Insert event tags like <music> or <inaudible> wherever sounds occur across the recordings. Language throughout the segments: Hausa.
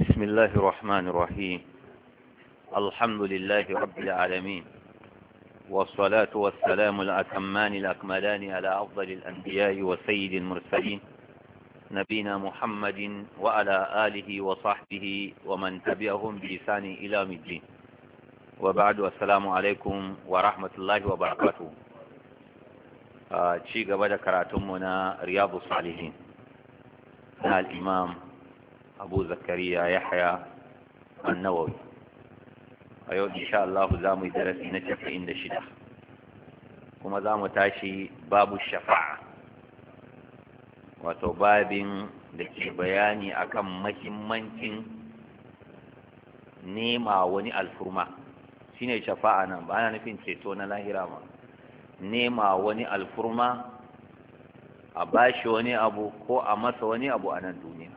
بسم الله الرحمن الرحيم الحمد لله رب العالمين والصلاة والسلام الأتمان الأكملان على أفضل الأنبياء وسيد المرسلين نبينا محمد وعلى آله وصحبه ومن تبعهم بلسان إلى مدين وبعد السلام عليكم ورحمة الله وبركاته آه، شيء قبل كراتمنا رياض الصالحين الإمام abu zakariya yahya annawawi a yau insha Allah za mu yi darasi na casa'in da shida kuma za mu tashi babu shafa'a wato babin da ke bayani akan mahimmancin nema wani alfurma shine shafa'a nan ba ana nufin ceto na lahira ma nema wani alfurma a bashi wani abu ko a masa wani abu a nan duniya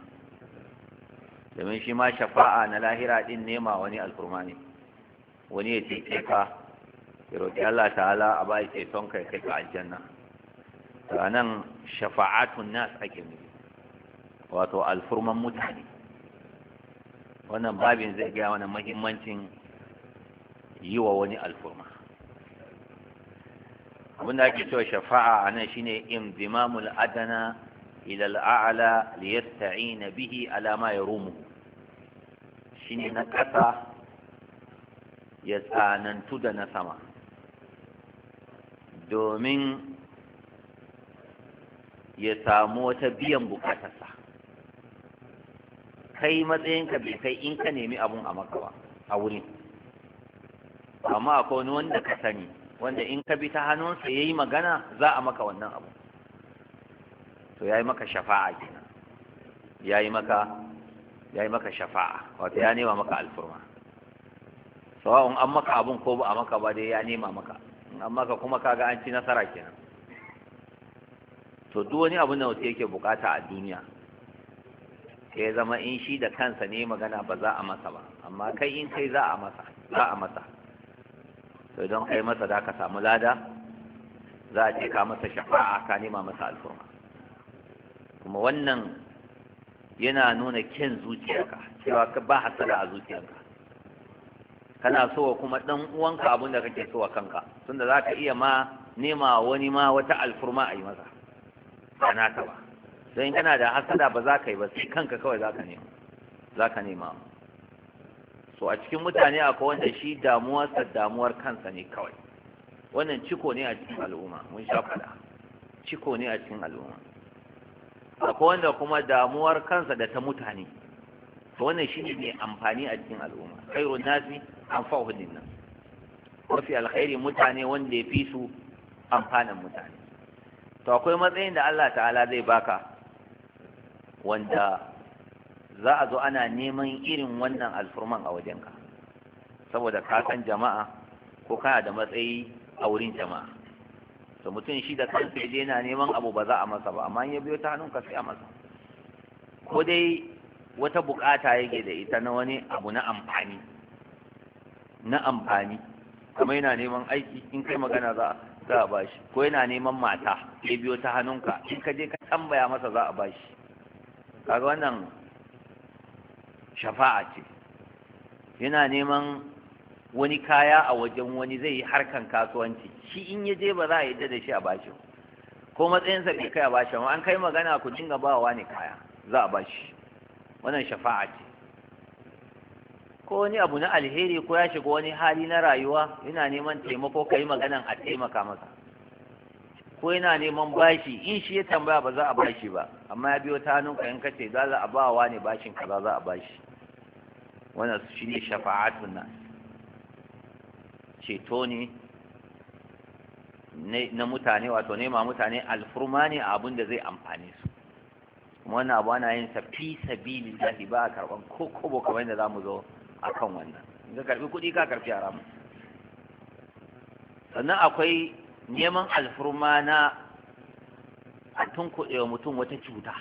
domin shi ma shafa'a na lahira din nema wani alfurma ne wani ya cece ka ya roƙi Allah ta'ala a bai ceton kai kai ka aljanna ta nan shafa'atun nas ake nufi wato alfurman mutane wannan babin zai gaya wani mahimmancin yi wa wani alfurma abinda ake cewa shafa'a a nan shine imzimamul adana ila al'a'la liyasta'ina bihi alama ya yarumu shine na ƙasa ya tsanantu da na sama domin ya samu wata biyan bukatarsa kai matsayinka bai kai in ka nemi abun a maka ba a wurin amma akwai wani wanda ka sani wanda in ka bi ta hannunsa ya yi magana za a maka wannan abu to ya yi maka shafa'a kenan ya yi maka ya yi maka shafa'a wato ya nema maka alfurma sawa'un an maka abun ko ba a maka ba dai ya nema maka in an maka kuma kaga an ci nasara kenan to duk wani abun da mutum yake bukata a duniya ya zama in shi da kansa ne magana ba za a masa ba amma kai in kai za a masa za a masa to don kai masa da ka samu lada za a ce ka masa shafa'a ka nema masa alfurma kuma wannan yana nuna kyan zuciyarka cewa ka ba hasada a zuciyarka kana so wa kuma dan uwanka abin da kake so wa kanka tunda za ka iya ma nema wani ma wata alfurma a yi masa kana ta ba don kana da hasada ba za ka yi ba sai kanka kawai za ka nema za ka nema so a cikin mutane akwai wanda shi damuwarsa damuwar kansa ne kawai wannan ciko ne a cikin al'umma mun sha faɗa ciko ne a cikin al'umma akwai wanda kuma damuwar kansa da ta mutane to wannan ne mai amfani a cikin al'umma khairun nasi anfa'uhum nan. mafi alkhairi mutane wanda ya fi su amfanin mutane to akwai matsayin da Allah ta'ala zai baka wanda za a zo ana neman irin wannan alfurman a wajenka saboda ka san jama'a ko kana da matsayi a wurin jama'a to mutum shi da kansa ya yana neman abu ba za a masa ba amma ya biyo ta hannunka sai a masa ko dai wata bukata yake da ita na wani abu na amfani na amfani kuma yana neman aiki in kai magana za a bashi ko yana neman mata ya biyo ta hannunka in ka je ka tambaya masa za a bashi kaga wannan shafa'a ce yana neman wani kaya a wajen wani zai yi harkan kasuwanci shi in ya je ba za a yadda da shi a bashi ko matsayinsa bai kai a bashi amma an kai magana ku dinga bawa ne kaya za a bashi wannan shafa'a ce ko wani abu na alheri ko ya shiga wani hali na rayuwa yana neman taimako kai maganan a taimaka masa ko yana neman bashi in shi ya tambaya ba za a bashi ba amma ya biyo ta hannun ka yanka ce za a ba wa ne bashin kaza za a bashi wannan shine shafa'atun nan ceto ne na mutane wato nema mutane alfurma ne abin da zai amfane su kuma wannan abu ana yin sa fi sabili lahi ba a karban ko kobo kamar yadda zamu zo akan wannan in ka karbi kuɗi ka a haramun sannan akwai neman alfurma na a tunkuɗe wa mutum wata cuta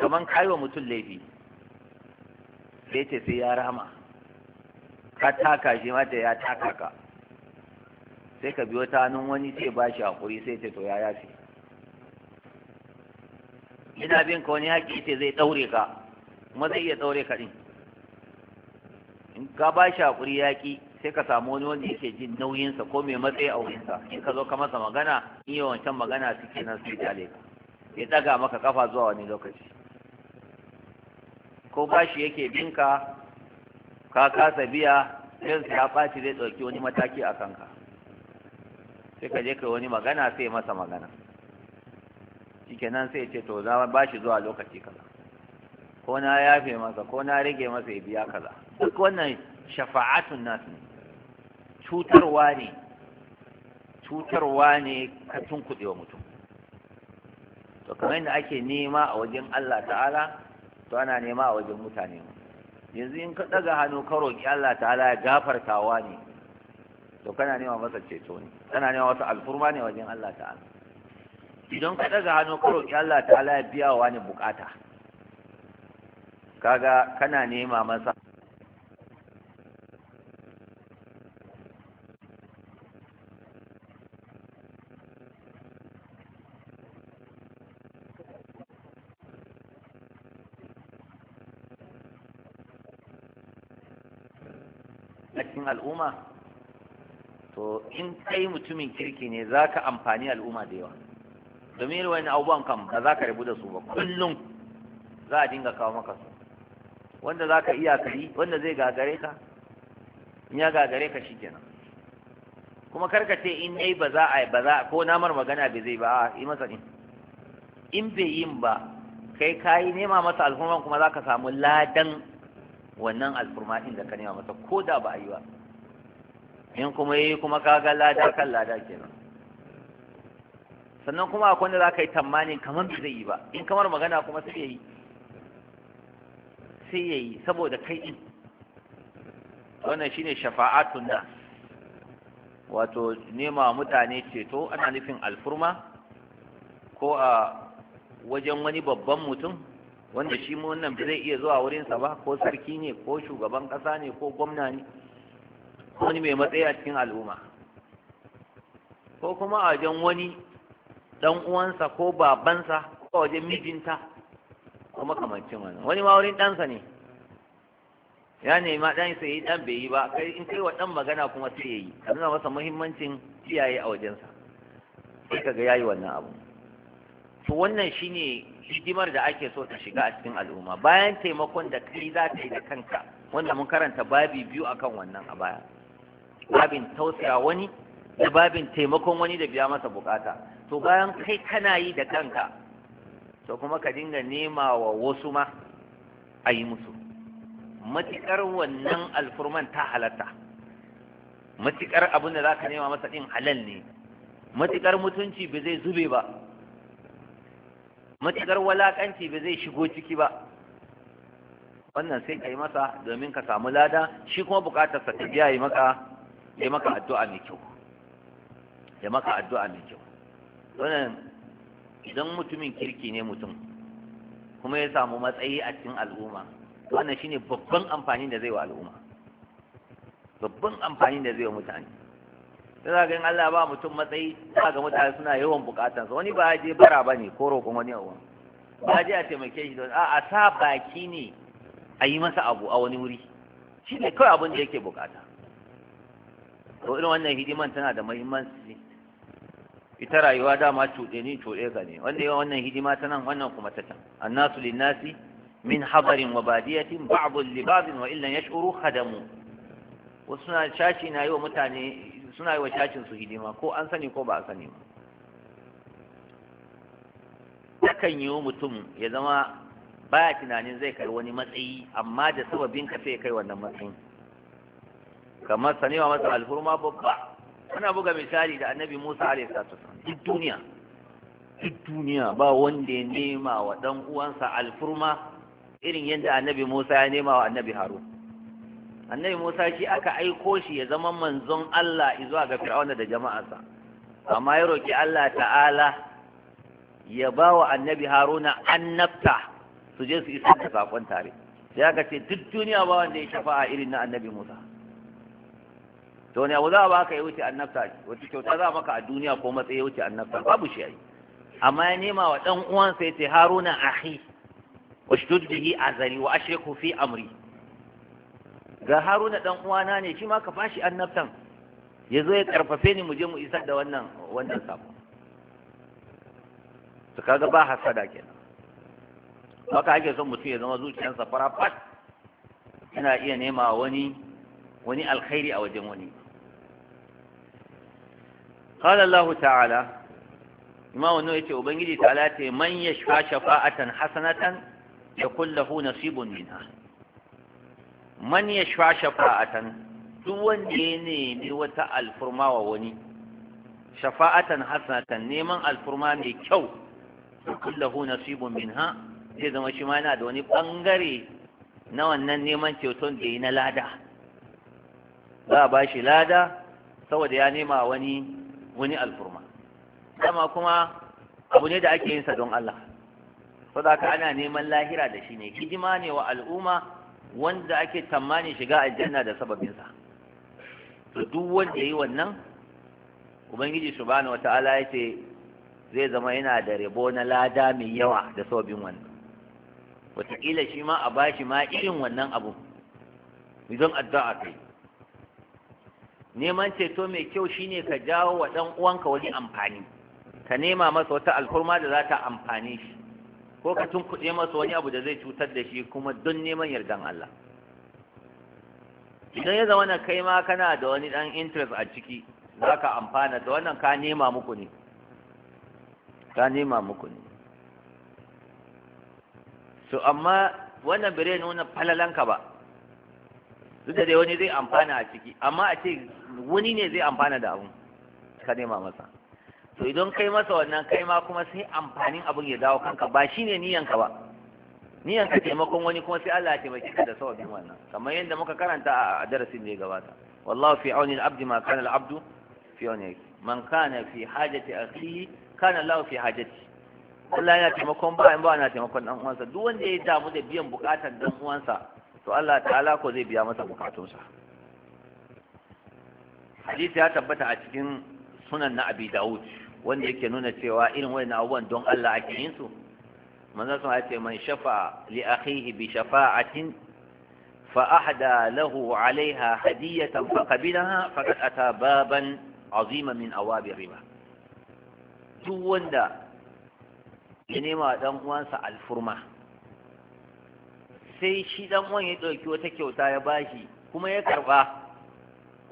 kamar kayo mutum laifi sai ce sai ya rama ka taka shi mata ya taka ka sai ka biyo ta hannun wani sai ba shi haƙuri sai ta to ya yafi ina bin ka wani haƙi ce zai ɗaure ka kuma zai iya ɗaure ka ɗin in ka ba shi haƙuri ya ƙi sai ka samu wani wanda yake jin nauyinsa ko mai matsayi a wurinsa in ka zo ka masa magana in yi wancan magana suke nan su jale ka ya ɗaga maka kafa zuwa wani lokaci ko bashi yake binka ka kasa biya sai su ya ɓaci zai ɗauki wani mataki a kanka sai ka je kai wani magana sai masa magana shikenan sai ce to za ba shi zuwa lokaci kaza ko na yafe masa ko na rage masa ya biya kaza duk wannan shafa'atun nasu ne cutarwa ne cutarwa ne ka tunkuɗe wa mutum to kamar yadda ake nema a wajen Allah ta'ala to ana nema a wajen mutane ma yanzu in ka ɗaga hannu ka roƙi Allah ta'ala ya gafartawa ne to kana nema masa ceto ne kana nema wata alfurma ne wajen Allah ta'ala idan ka ɗaga hannu ka roƙi Allah ta'ala ya biya wa ne bukata kaga kana nema masa al'umma to in kai mutumin kirki ne za ka amfani al'umma da yawa domin irin wani abubuwan kan ba za ka rabu da su ba kullum za a dinga kawo maka su wanda za ka iya kari wanda zai gagare ka in ya gagare ka shi kenan kuma karka ce in dai ba za a ba za ko namar magana bai zai ba a yi masa in in bai yin ba kai ka yi nema masa alfurman kuma za ka samu ladan wannan alfurma din da ka nema masa ko da ba a yi ba in kuma yi kuma kaga lada kan lada kenan sannan kuma akwai wanda za ka yi tamani kamar bai zai yi ba in kamar magana kuma sai ya yi sai ya yi saboda kai in wannan shine shafa'atun da wato nema mutane ceto ana nufin alfurma ko a wajen wani babban mutum wanda shi wannan zai iya zuwa wurinsa ba ko sarki ne ko shugaban ƙasa ne ko gwamna ne wani mai matsayi a cikin al'umma ko kuma a wajen wani dan uwansa ko babansa ko a wajen mijinta ko makamancin wani. wani ma wurin ɗansa ne ya nema ɗan sai yi ɗan bai yi ba kai in kai wa ɗan magana kuma sai ya yi ka nuna masa muhimmancin iyaye a wajensa sai kaga yayi wannan abu to wannan shine hidimar da ake so ta shiga a cikin al'umma bayan taimakon da kai za ta yi da kanka wanda mun karanta babi biyu akan wannan a baya babin tausaya wani da babin taimakon wani da biya masa bukata to bayan kai kana yi da kanka to kuma ka dinga nema wa wasu ma a yi musu matuƙar wannan alfurman ta halatta matuƙar abin da za ka nema masa ɗin halal ne matuƙar mutunci ba zai zube ba matuƙar walaƙanci ba zai shigo ciki ba wannan sai ka yi masa domin ka samu lada shi kuma bukatarsa ta biya yi maka ya maka addu'a mai kyau ya maka addu'a mai kyau wannan idan mutumin kirki ne mutum kuma ya samu matsayi a cikin al'umma wannan shine babban amfani da zai wa al'umma babban amfani da zai wa mutane sai za ga in Allah ba mutum matsayi za ga mutane suna yawan bukatansa wani ba je bara bane ko roƙon wani abu ba je a taimake shi don a sa baki ne a yi masa abu a wani wuri shi ne kawai abin da yake bukata to irin wannan hidiman tana da muhimmanci ita rayuwa dama cuɗe ni cuɗe ga ne wanda yawan wannan hidima ta nan wannan kuma ta can annasu linnasi min habarin wa badiyatin ba'dhu li ba'dhin wa illan yash'uru khadamu wasu suna na yi wa mutane suna yi wa shashin su hidima ko an sani ko ba a sani ba takan yi wa mutum ya zama baya tunanin zai kai wani matsayi amma da sababin ka sai kai wannan matsayin kamar sanewa masa alfurma babba ana buga misali da annabi musa alaihi salatu duk duniya duk duniya ba wanda ya nema wa dan uwansa alfurma irin yadda annabi musa ya nema wa annabi harun annabi musa shi aka aiko shi ya zama manzon allah zuwa ga fir'auna da jama'arsa amma ya roki allah ta'ala ya ba wa annabi haruna annabta su je su isa da sakon tare sai aka ce duk duniya ba wanda ya shafa'a irin na annabi musa to ne abu za a baka ya wuce annabta wata kyauta za a maka a duniya ko matsayi ya wuce annabta babu shi ai amma ya nema wa dan uwansa ce haruna wa washdud bihi azari wa ashriku fi amri ga haruna dan uwana ne shi ma ka fashi annabtan ya zo ya karfafe ni mu je mu isar da wannan wannan sabo to kaga ba hasada kenan haka ake son mutum ya zama zuciyarsa fara fat yana iya nema wani wani alkhairi a wajen wani قال الله ta'ala ما wannan yace ubangiji ta'ala ce man yashfa shafa'atan hasanatan yakul lahu nasibun minha man shafa'atan duk wanda ya wata alfurma wa wani shafa'atan hasanatan neman alfurma mai kyau yakul lahu nasibun minha zama shi ma yana da wani ɓangare na wannan neman ceton da yi na lada za a ba shi lada saboda ya nema wani wani alfurma dama kuma abu ne da ake yin sa don Allah saboda ana neman lahira da shi ne hidima ne wa al'umma wanda ake tamani shiga aljanna da sababinsa to duk wanda yi wannan ubangiji subhanahu wata'ala yace zai zama yana da rabo na lada mai yawa da sababin wannan wataƙila shi ma a bashi ma irin wannan abu idan addu'a kai neman ceto mai kyau shine ka jawo wa ɗan uwanka wani amfani ka nema masa wata alkurma da za ta amfani shi ko ka tunkuɗe masa wani abu da zai cutar da shi kuma don neman yardan Allah idan ya zama na kai ma kana da wani ɗan interest a ciki za ka amfana da wannan ka nema muku ne ka nema muku ne so amma wannan bire nuna falalanka ba duk da dai wani zai amfana a ciki amma a ce wani ne zai amfana da abun ka nema masa to idan kai masa wannan kai ma kuma sai amfanin abun ya dawo kanka ba shine niyanka ba niyanka taimakon wani kuma sai Allah ya taimake ka da sawabin wannan kamar yadda muka karanta a darasin da ya gabata wallahu fi auni al-abdi ma kana al-abdu fi auni man kana fi hajati akhihi kana Allah fi hajati Allah yana taimakon ba in ba na taimakon dan uwansa duk wanda ya damu da biyan bukatar dan uwansa to Allah ta'ala ko zai biya masa bukatunsa hadisi ya tabbata a cikin sunan na abi dawud wanda yake nuna cewa irin wani abubuwan don Allah ake yin su manzo sun ce man shafa li akhihi bi shafa'atin fa ahda lahu alaiha hadiyatan fa qabilaha faqad ata baban azima min awabi riba duk wanda ya nema dan uwansa alfurma sai shi dan uwan ya ɗauki wata kyauta ya bashi kuma ya karba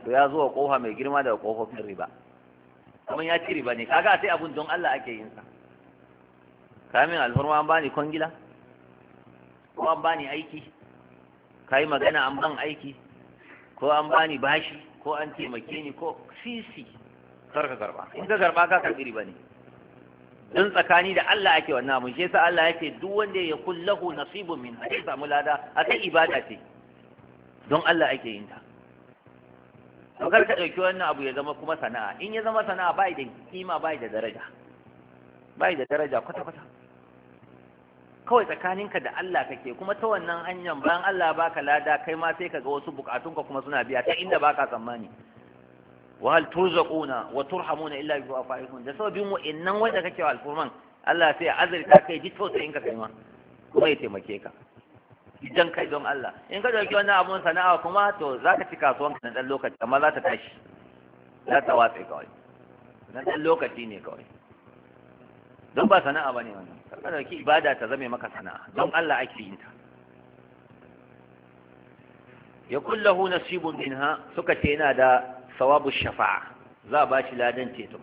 to ya zo kofa mai girma daga kofofin riba kuma ya ci riba ne kaga sai abun don Allah ake yin sa kamin alfarma an bani kwangila ko an bani aiki kai magana an ban aiki ko an bani bashi ko an taimake ni ko sisi kar karba in ka karba ka karbi riba ne dan tsakani da Allah ake wannan abun shi yasa Allah yake duk wanda ya kullahu nasibun min zai samu lada a sai ibada ce don Allah ake yin ta to kar ka dauki wannan abu ya zama kuma sana'a in ya zama sana'a bai da kima bai da daraja bai da daraja kwata kwata kawai tsakaninka da Allah kake kuma ta wannan hanyar bayan Allah baka lada kai ma sai ka ga wasu bukatunka kuma suna biya ta inda baka tsammani wa hal turzaquna wa turhamuna illa bi afaikum da sababin mu innan wanda kake wa alfurman Allah sai azurta kai ji in ka kai ma kuma ya taimake ka idan kai don Allah in ka dauki wannan abun sana'a kuma to zaka ci kasuwan ka na dan lokaci amma za ta tashi za ta watsa kawai na dan lokaci ne kawai don ba sana'a bane wannan ka dauki ibada ta zame maka sana'a don Allah ake yin ta ya kullahu nasibun minha suka ce yana da sawabu shafa'a za a bashi ladan ceto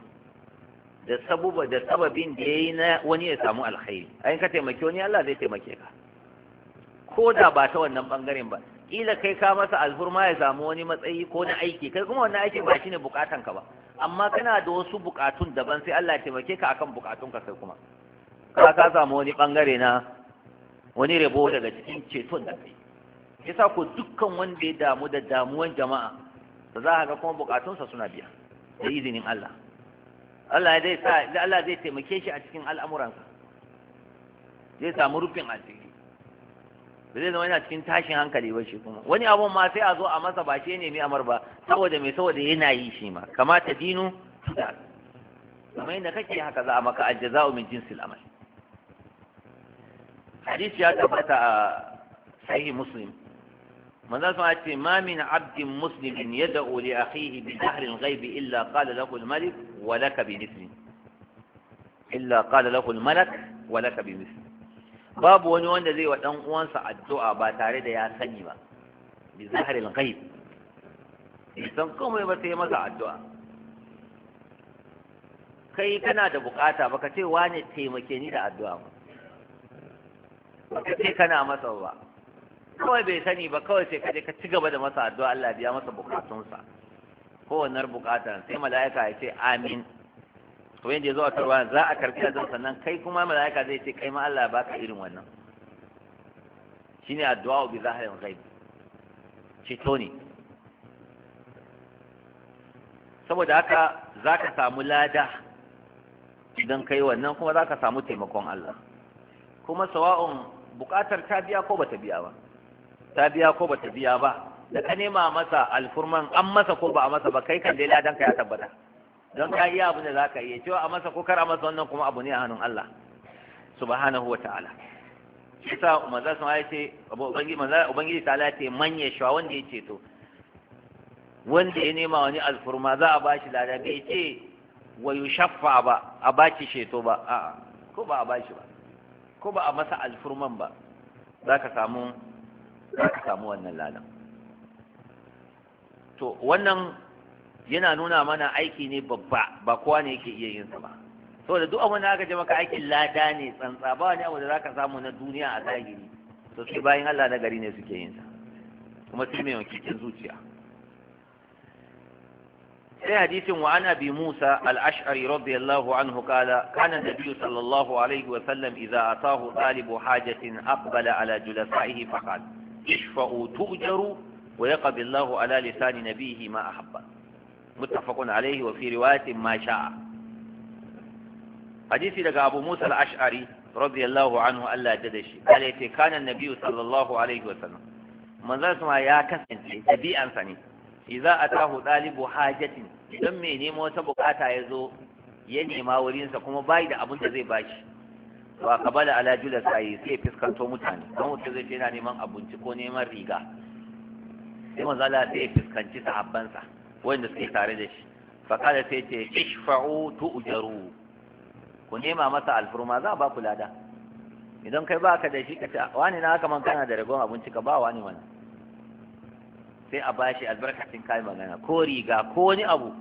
da sabuba da sababin da yayi na wani ya samu alkhairi ayin ka taimake wani Allah zai taimake ka ko da ba ta wannan bangaren ba kila kai ka masa alfurma ya samu wani matsayi ko na aiki kai kuma wannan aiki ba shine bukatan ka ba amma kana da wasu bukatun daban sai Allah ya taimake ka akan bukatun ka sai kuma ka ka samu wani bangare na wani rabo daga cikin ceton da kai yasa ko dukkan wanda ya damu da damuwan jama'a da za a ga kuma bukatunsa suna biya da izinin Allah Allah zai sa da Allah zai taimake shi a cikin al'amuransa zai samu rufin asiri ba zai zama yana cikin tashin hankali ba shi kuma wani abun ma sai a zo a masa ba shi ne mai amar ba saboda mai saboda yana yi shi ma kamata dinu da kamar yadda kake haka za a maka aljaza'u min jinsil amal hadisi ya tabbata a sahih muslim manzo sun ce ma min abdin muslimin yad'u li akhihi bi dahri al-ghaib illa qala lahu al-malik wa laka bi mithli illa qala lahu al-malak wa laka bi mithli babu wani wanda zai wa dan uwansa addu'a ba tare da ya sani ba bi dahri al-ghaib san komai ba sai masa addu'a kai kana da bukata baka ce wane taimake ni da addu'a ba ka ce kana masa ba kawai bai sani ba kawai sai kaje ka ci gaba da masa addu'a Allah biya masa bukatunsa wannan bukata sai mala'ika ya ce amin to yanda ya zo a tarwa za a karbi azan sannan kai kuma mala'ika zai ce kai ma Allah baka irin wannan shine addu'a bi zahirin ghaib ceto ne saboda haka za ka samu lada idan ka yi wannan kuma za ka samu taimakon Allah kuma sawa'un buƙatar ta biya ko ba ta biya ba ta biya ko bata biya ba da ka nema masa alfurman an masa ko ba a masa ba kai kan dai ladan ka ya tabbata don ka iya abin da ka iya cewa a masa ko kar a masa wannan kuma abu ne a hannun Allah subhanahu wa ta'ala yasa maza sun ya ce ubangiji manzo ta ce manye shawa wanda ya ceto wanda ya nema wani alfurma za a bashi lada bai ce wa shaffa ba a bashi sheto ba a'a ko ba a bashi ba ko ba a masa alfurman ba za ka samu za ka samu wannan ladan to wannan yana nuna mana aiki ne babba ba kowa ne yake iya yin sa ba saboda duk abin da aka je maka aikin lada ne tsantsa ba wani abu da zaka samu na duniya a zahiri to sai bayan Allah na gari ne suke yin sa kuma sai mai wakilin zuciya sai hadisin wa ana bi Musa al-Ash'ari radiyallahu anhu kala kana nabiyyu sallallahu alaihi wa sallam idza atahu talibu hajatin aqbala ala julasa'ihi faqala ishfa'u tujaru wa yaqbi Allahu ala lisani nabihi ma ahabba muttafaqun alayhi wa fi ma sha'a hadisi daga Abu Musa al-Ash'ari radiyallahu anhu Allah ya dade shi kale ce kana sallallahu alaihi wa sallam manzon sama ya kasance dabi'ansa ne idza atahu dalibu hajatin idan mai nemo wata bukata ya zo ya nema wurinsa kuma bai da abin da zai bashi ba kabala ala jula sai sai fiskanto mutane don wuce zai ce yana neman abinci ko neman riga sai manzo Allah sai fiskanci sahabbansa wanda suke tare da shi fa sai ce ishfa'u tu'jaru ku nema masa alfurma za ba ku lada idan kai baka da shi ka ce wani na haka man kana da ragon abinci ka ba wani wani sai a bashi albarkacin kai magana ko riga ko wani abu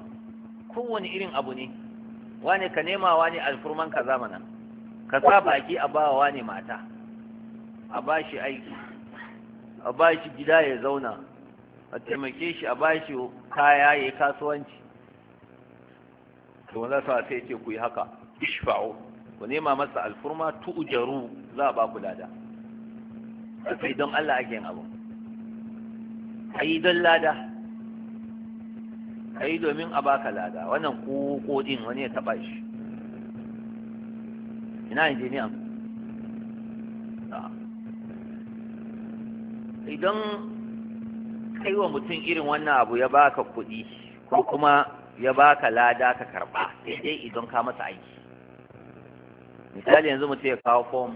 kowane irin abu ne wani ka nema wani alfurman ka zamana ka sa baki a bawa ne mata a ba shi aiki a ba shi gida ya zauna a taimake shi a ba shi kaya ya yi kasuwanci domin za su sai ce ku yi haka ishfa'o ku nema masa alfurma tu'jaru za a ba ku lada sai don Allah ake yin abu A yi don lada A yi domin a baka lada wannan ko din wani ya taba shi ina injiniyan idan kai wa mutum irin wannan abu ya baka kuɗi ko kuma ya baka lada ka karɓa daidai dai idan ka masa aiki misali yanzu mutum ya kawo fom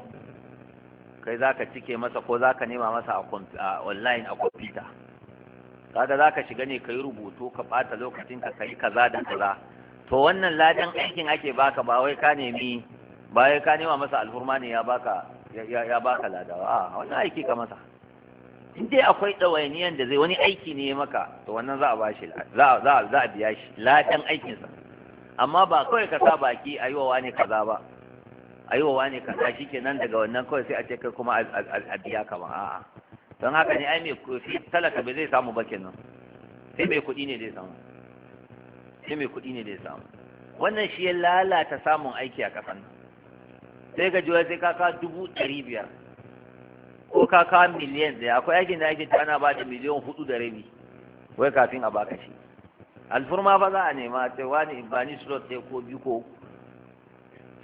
kai za ka cike masa ko za ka nema masa a online a kwamfuta kaga za ka shiga ne ka yi rubutu ka ɓata lokacin ka kai kaza da kaza to wannan ladan aikin ake baka ba wai ka nemi baya ka nema masa alfurma ne ya baka ya baka ladawa a wannan aiki ka masa in dai akwai ɗawainiyan da zai wani aiki ne maka to wannan za a bashi za za za a biya shi ladan aikinsa amma ba kawai ka sa baki a yi wa wani kaza ba a yi wa wani kaza shi nan daga wannan kawai sai a ce kai kuma a biya ka ba a'a don haka ne ai mai kuɗi talaka bai zai samu ba kenan sai mai kuɗi ne zai samu sai mai kuɗi ne zai samu wannan shi ya lalata samun aiki a ƙasar. nan sai ka juya sai kaka dubu ɗari biyar ko kaka miliyan ɗaya akwai aikin da ake ta ana ba da miliyan hudu da rabi wai kafin a baka shi alfurma fa za a nema sai wani bani slot sai ko biyu ko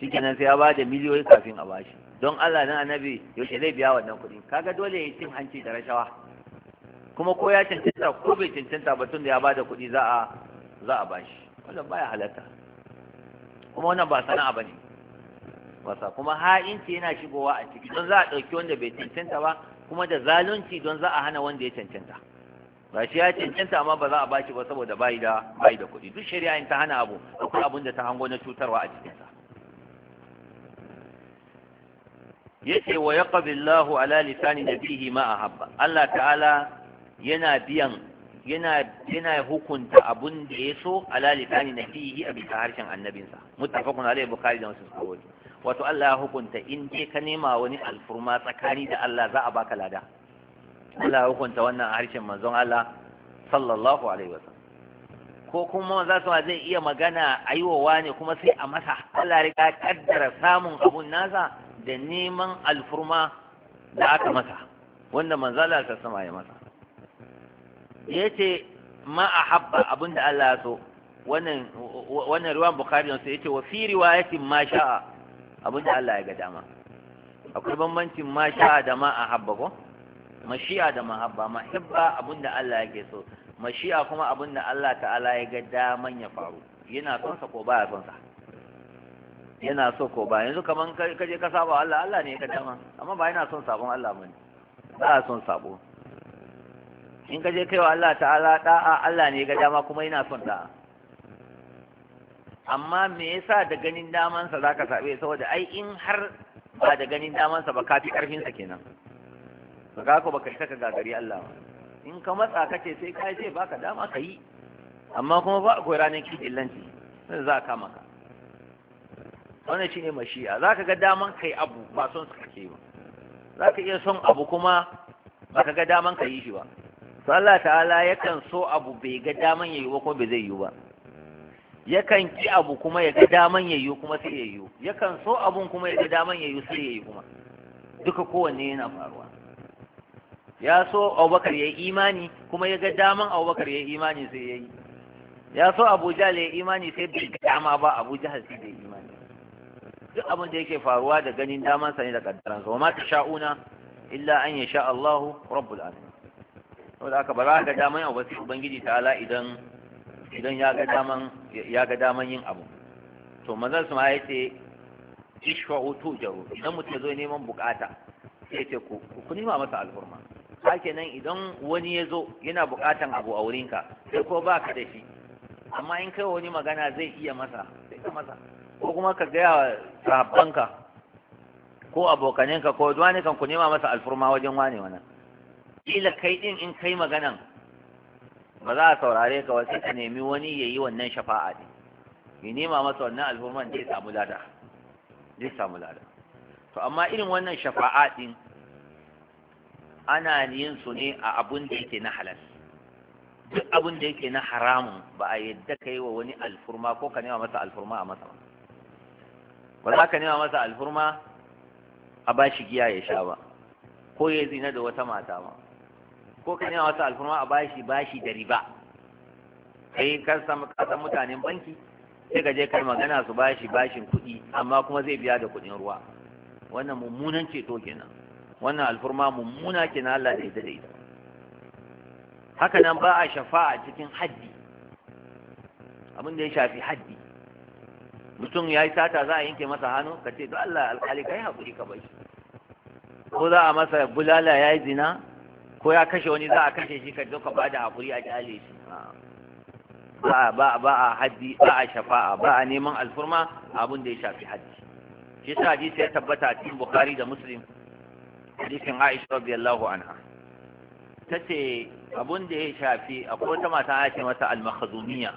nan sai ya ba da miliyoyi kafin a bashi don Allah na annabi yaushe zai biya wannan kuɗi kaga dole ya yi cin hanci da rashawa kuma ko ya cancanta ko bai cancanta ba tun da ya ba da kuɗi za a za a bashi wannan baya halatta kuma wannan ba sana'a ba ne. wasa kuma ha'inci yana shigowa a ciki don za a ɗauki wanda bai cancanta ba kuma da zalunci don za a hana wanda ya cancanta ba shi ya cancanta amma ba za a bashi ba saboda bayi da bayi da kuɗi duk shari'a in ta hana abu akwai abin da ta hango na cutarwa a cikinsa yace wa yaqbi Allahu ala lisani nabihi ma ahabba Allah ta'ala yana biyan yana yana hukunta abun da ya so ala lisani nabihi a bisa harshen annabinsa muttafaqun alayhi bukhari da muslim wato Allah ya hukunta in je ka nema wani alfurma tsakani da Allah za a baka lada Allah ya hukunta wannan a harshen manzon Allah sallallahu alaihi wasallam ko kuma za su zai iya magana aiwowa ne kuma sai a masa Allah riga kaddara samun abun nasa da neman alfurma da aka masa wanda Allah ta sama ya masa yace ma a ahabba abinda Allah ya so wannan wannan riwayan bukhari ne sai yace wa fi riwayatin ma sha'a abin da Allah ya ga dama akwai bambancin masha da ma a habba ko mashi'a da mahabba mahibba abin da Allah yake so mashi'a kuma abin da Allah ta'ala ya ga dama ya faru yana son sa ko ba ya son sa yana so ko ba yanzu kaman ka je ka saba Allah Allah ne ya ga dama amma ba yana son sabon Allah bane ba son sabo in ka je kaiwa Allah ta'ala da'a Allah ne ya ga dama kuma yana son da'a amma me yasa da ganin damansa za ka saɓe saboda ai in har ba da ganin damansa ba ka fi ƙarfinsa kenan ba ka ba ka isa ka gagari Allah ba in ka matsa ka ce sai ka ce ba ka dama ka yi amma kuma ba akwai ranar kiɗin lanci sai za ka maka wannan shi ne mashi'a za ka ga daman ka yi abu ba son su kake ba za ka iya son abu kuma ba ka ga daman ka yi shi ba Allah ta'ala yakan so abu bai ga daman ya yi ba kuma bai zai yi ba yakan ki abu kuma ya ga daman yayyo kuma sai yayyo yakan so abun kuma ya ga daman yayyo sai yayyo kuma duka kowanne yana faruwa ya so abubakar ya yi imani kuma ya ga daman abubakar ya yi imani sai ya yi ya so abu jahal ya yi imani sai bai ga dama ba abu jahal sai bai imani duk abin da yake faruwa da ganin daman sa ne da kaddaran sa ma ta sha'una illa an yasha Allahu rabbul alamin saboda haka ba za ka ga daman abu sai ubangiji ta'ala idan idan ya ga daman ya ga daman yin abu to manzon su ma ishwa ishfa'u tujaru idan mutum zo neman bukata sai ce ku ku nima masa alhurma haka nan idan wani ya zo yana bukatan abu a wurinka sai ko ba ka da shi amma in kai wani magana zai iya masa sai ka masa ko kuma ka gaya wa sahabbanka ko abokaninka ko wani kan ku nima masa alfurma wajen wane wannan kila kai din in kai maganan ba za a saurare ka wasu ka nemi wani ya yi wannan shafa'a ne ya nema masa wannan alfurman zai samu lada zai samu lada to amma irin wannan shafa'a din ana yin su ne a abun da yake na halal duk abun da yake na haramun ba a yadda ka yi wa wani alfurma ko ka nema masa alfurma a masa ba za ka nema masa alfurma a ba shi giya ya sha ba ko ya zina da wata mata ba ko kan yana wasu alfarma a bashi bashi da riba kai ka samu kasan mutanen banki sai ka je kai magana su bashi bashin kuɗi amma kuma zai biya da kuɗin ruwa wannan mummunan ceto kenan wannan alfarma mummuna kenan Allah da ita da ita haka nan ba a shafa'a cikin haddi abin da ya shafi haddi mutum ya yi sata za a yanke masa hannu ka ce to Allah alƙali kai haƙuri ka bashi. ko za a masa bulala ya yi zina ko ya kashe wani za a kashe shi ka ka ba da hakuri a kyale shi ba ba ba a haddi ba a shafa'a ba a neman alfurma abin da ya shafi haddi shi sa hadisi ya tabbata a cikin bukhari da muslim hadisin aisha radiyallahu anha ce abin da ya shafi akwai wata mata ya ce mata almakazumiya.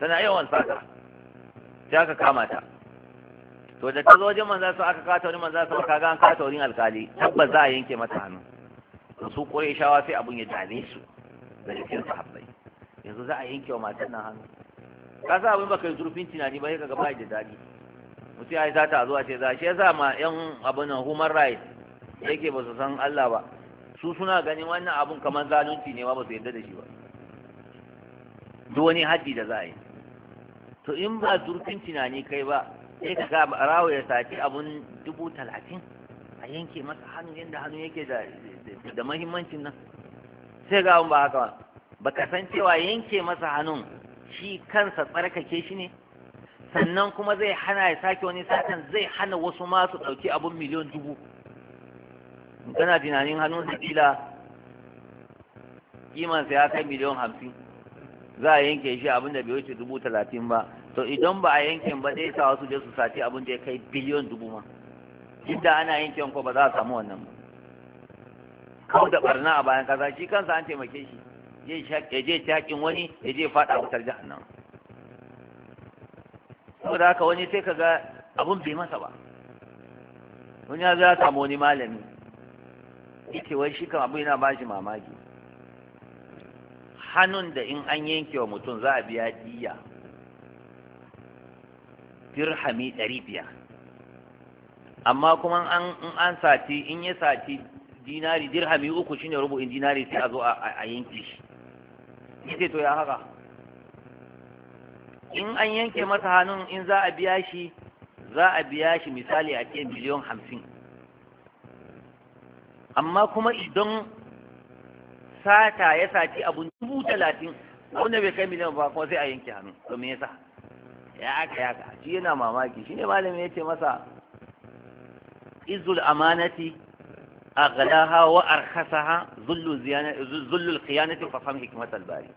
tana yawan sata sai aka kama ta to da ta zo wajen manzo aka kata wani manzo aka kaga an kata wani alkali tabbas za a yanke mata hannu da su shawa sai abin ya dame su da jikin sahabbai yanzu za a yanke wa matan nan hannu ka sa abin baka yi zurfin tunani ba sai kaga ba da dadi mutum ya yi zata a zuwa ce za shi ya sa ma yan abin nan human rights yake ba su san Allah ba su suna ganin wannan abun kamar zalunci ne ma ba su yarda da shi ba duk wani haddi da za a yi to in ba zurfin tunani kai ba sai ka ga rawo ya abun dubu talatin a yanke masa hannu yadda hannu yake da mahimmancin nan sai ga ba haka ba baka san cewa yanke masa hannun shi kansa tsarkake shi ne sannan kuma zai hana ya sake wani satan zai hana wasu masu su ɗauki abun miliyon dubu kana tunanin hannun sa kila kimansa ya kai miliyon hamsin za a yanke shi abin da bai wuce dubu talatin ba to idan ba a yankin ba zai sa wasu je su sati abin da ya kai biliyon dubu ma inda ana yin kiyon ko ba za a samu wannan ba kawo da barna a bayan kasa shi kansa an taimake shi ya je shaƙin wani ya je faɗa wutar jahannama saboda haka wani sai ka ga abun bai masa ba wani ya za samu wani malami Ita wai shi kan abu yana ba shi mamaki hannun da in an yanke wa mutum za a biya diya dirhami ɗari biyar amma kuma an an sati in ya sati dinari dirhami uku shine in dinari sai a zo a yanke shi yace to ya haka in an yanke masa hannun in za a biya shi za a biya shi misali a ce miliyon hamsin amma kuma idan sata ya sati abun dubu talatin wanda bai kai miliyan ba kuma sai a yanke hannu domin ya sa ya aka shi yana mamaki shi ne malamin ya ce masa إذ الأمانة أغلاها وأرخصها ذل زيانة ذل الخيانة فهم حكمة الباري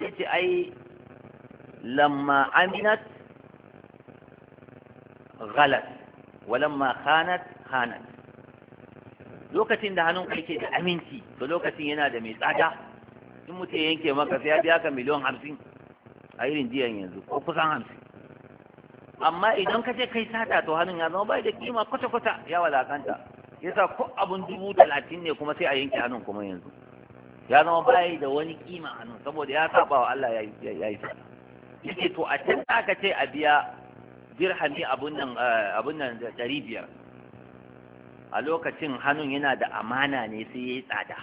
تأتي أي لما أمنت غلط ولما خانت خانت لوكتي ده هنوم كي كي أمنتي فلوكتي ينادى ميت أجا ثم تيجي ما كفيها بيا كم مليون خمسين أيرين دي أيين زو كوكسان خمسين amma idan ka je kai sata to hannun ya zama bai da kima kwata-kwata ya walakanta yasa ko abun dubu talatin ne kuma sai a yanke hannun kuma yanzu ya zama bai da wani kima hannun saboda ya saba wa Allah ya yi sata yake to a can aka ce a biya dirhami abun nan eh, abun nan da biyar a lokacin hannun yana da amana ne sai ya yi tsada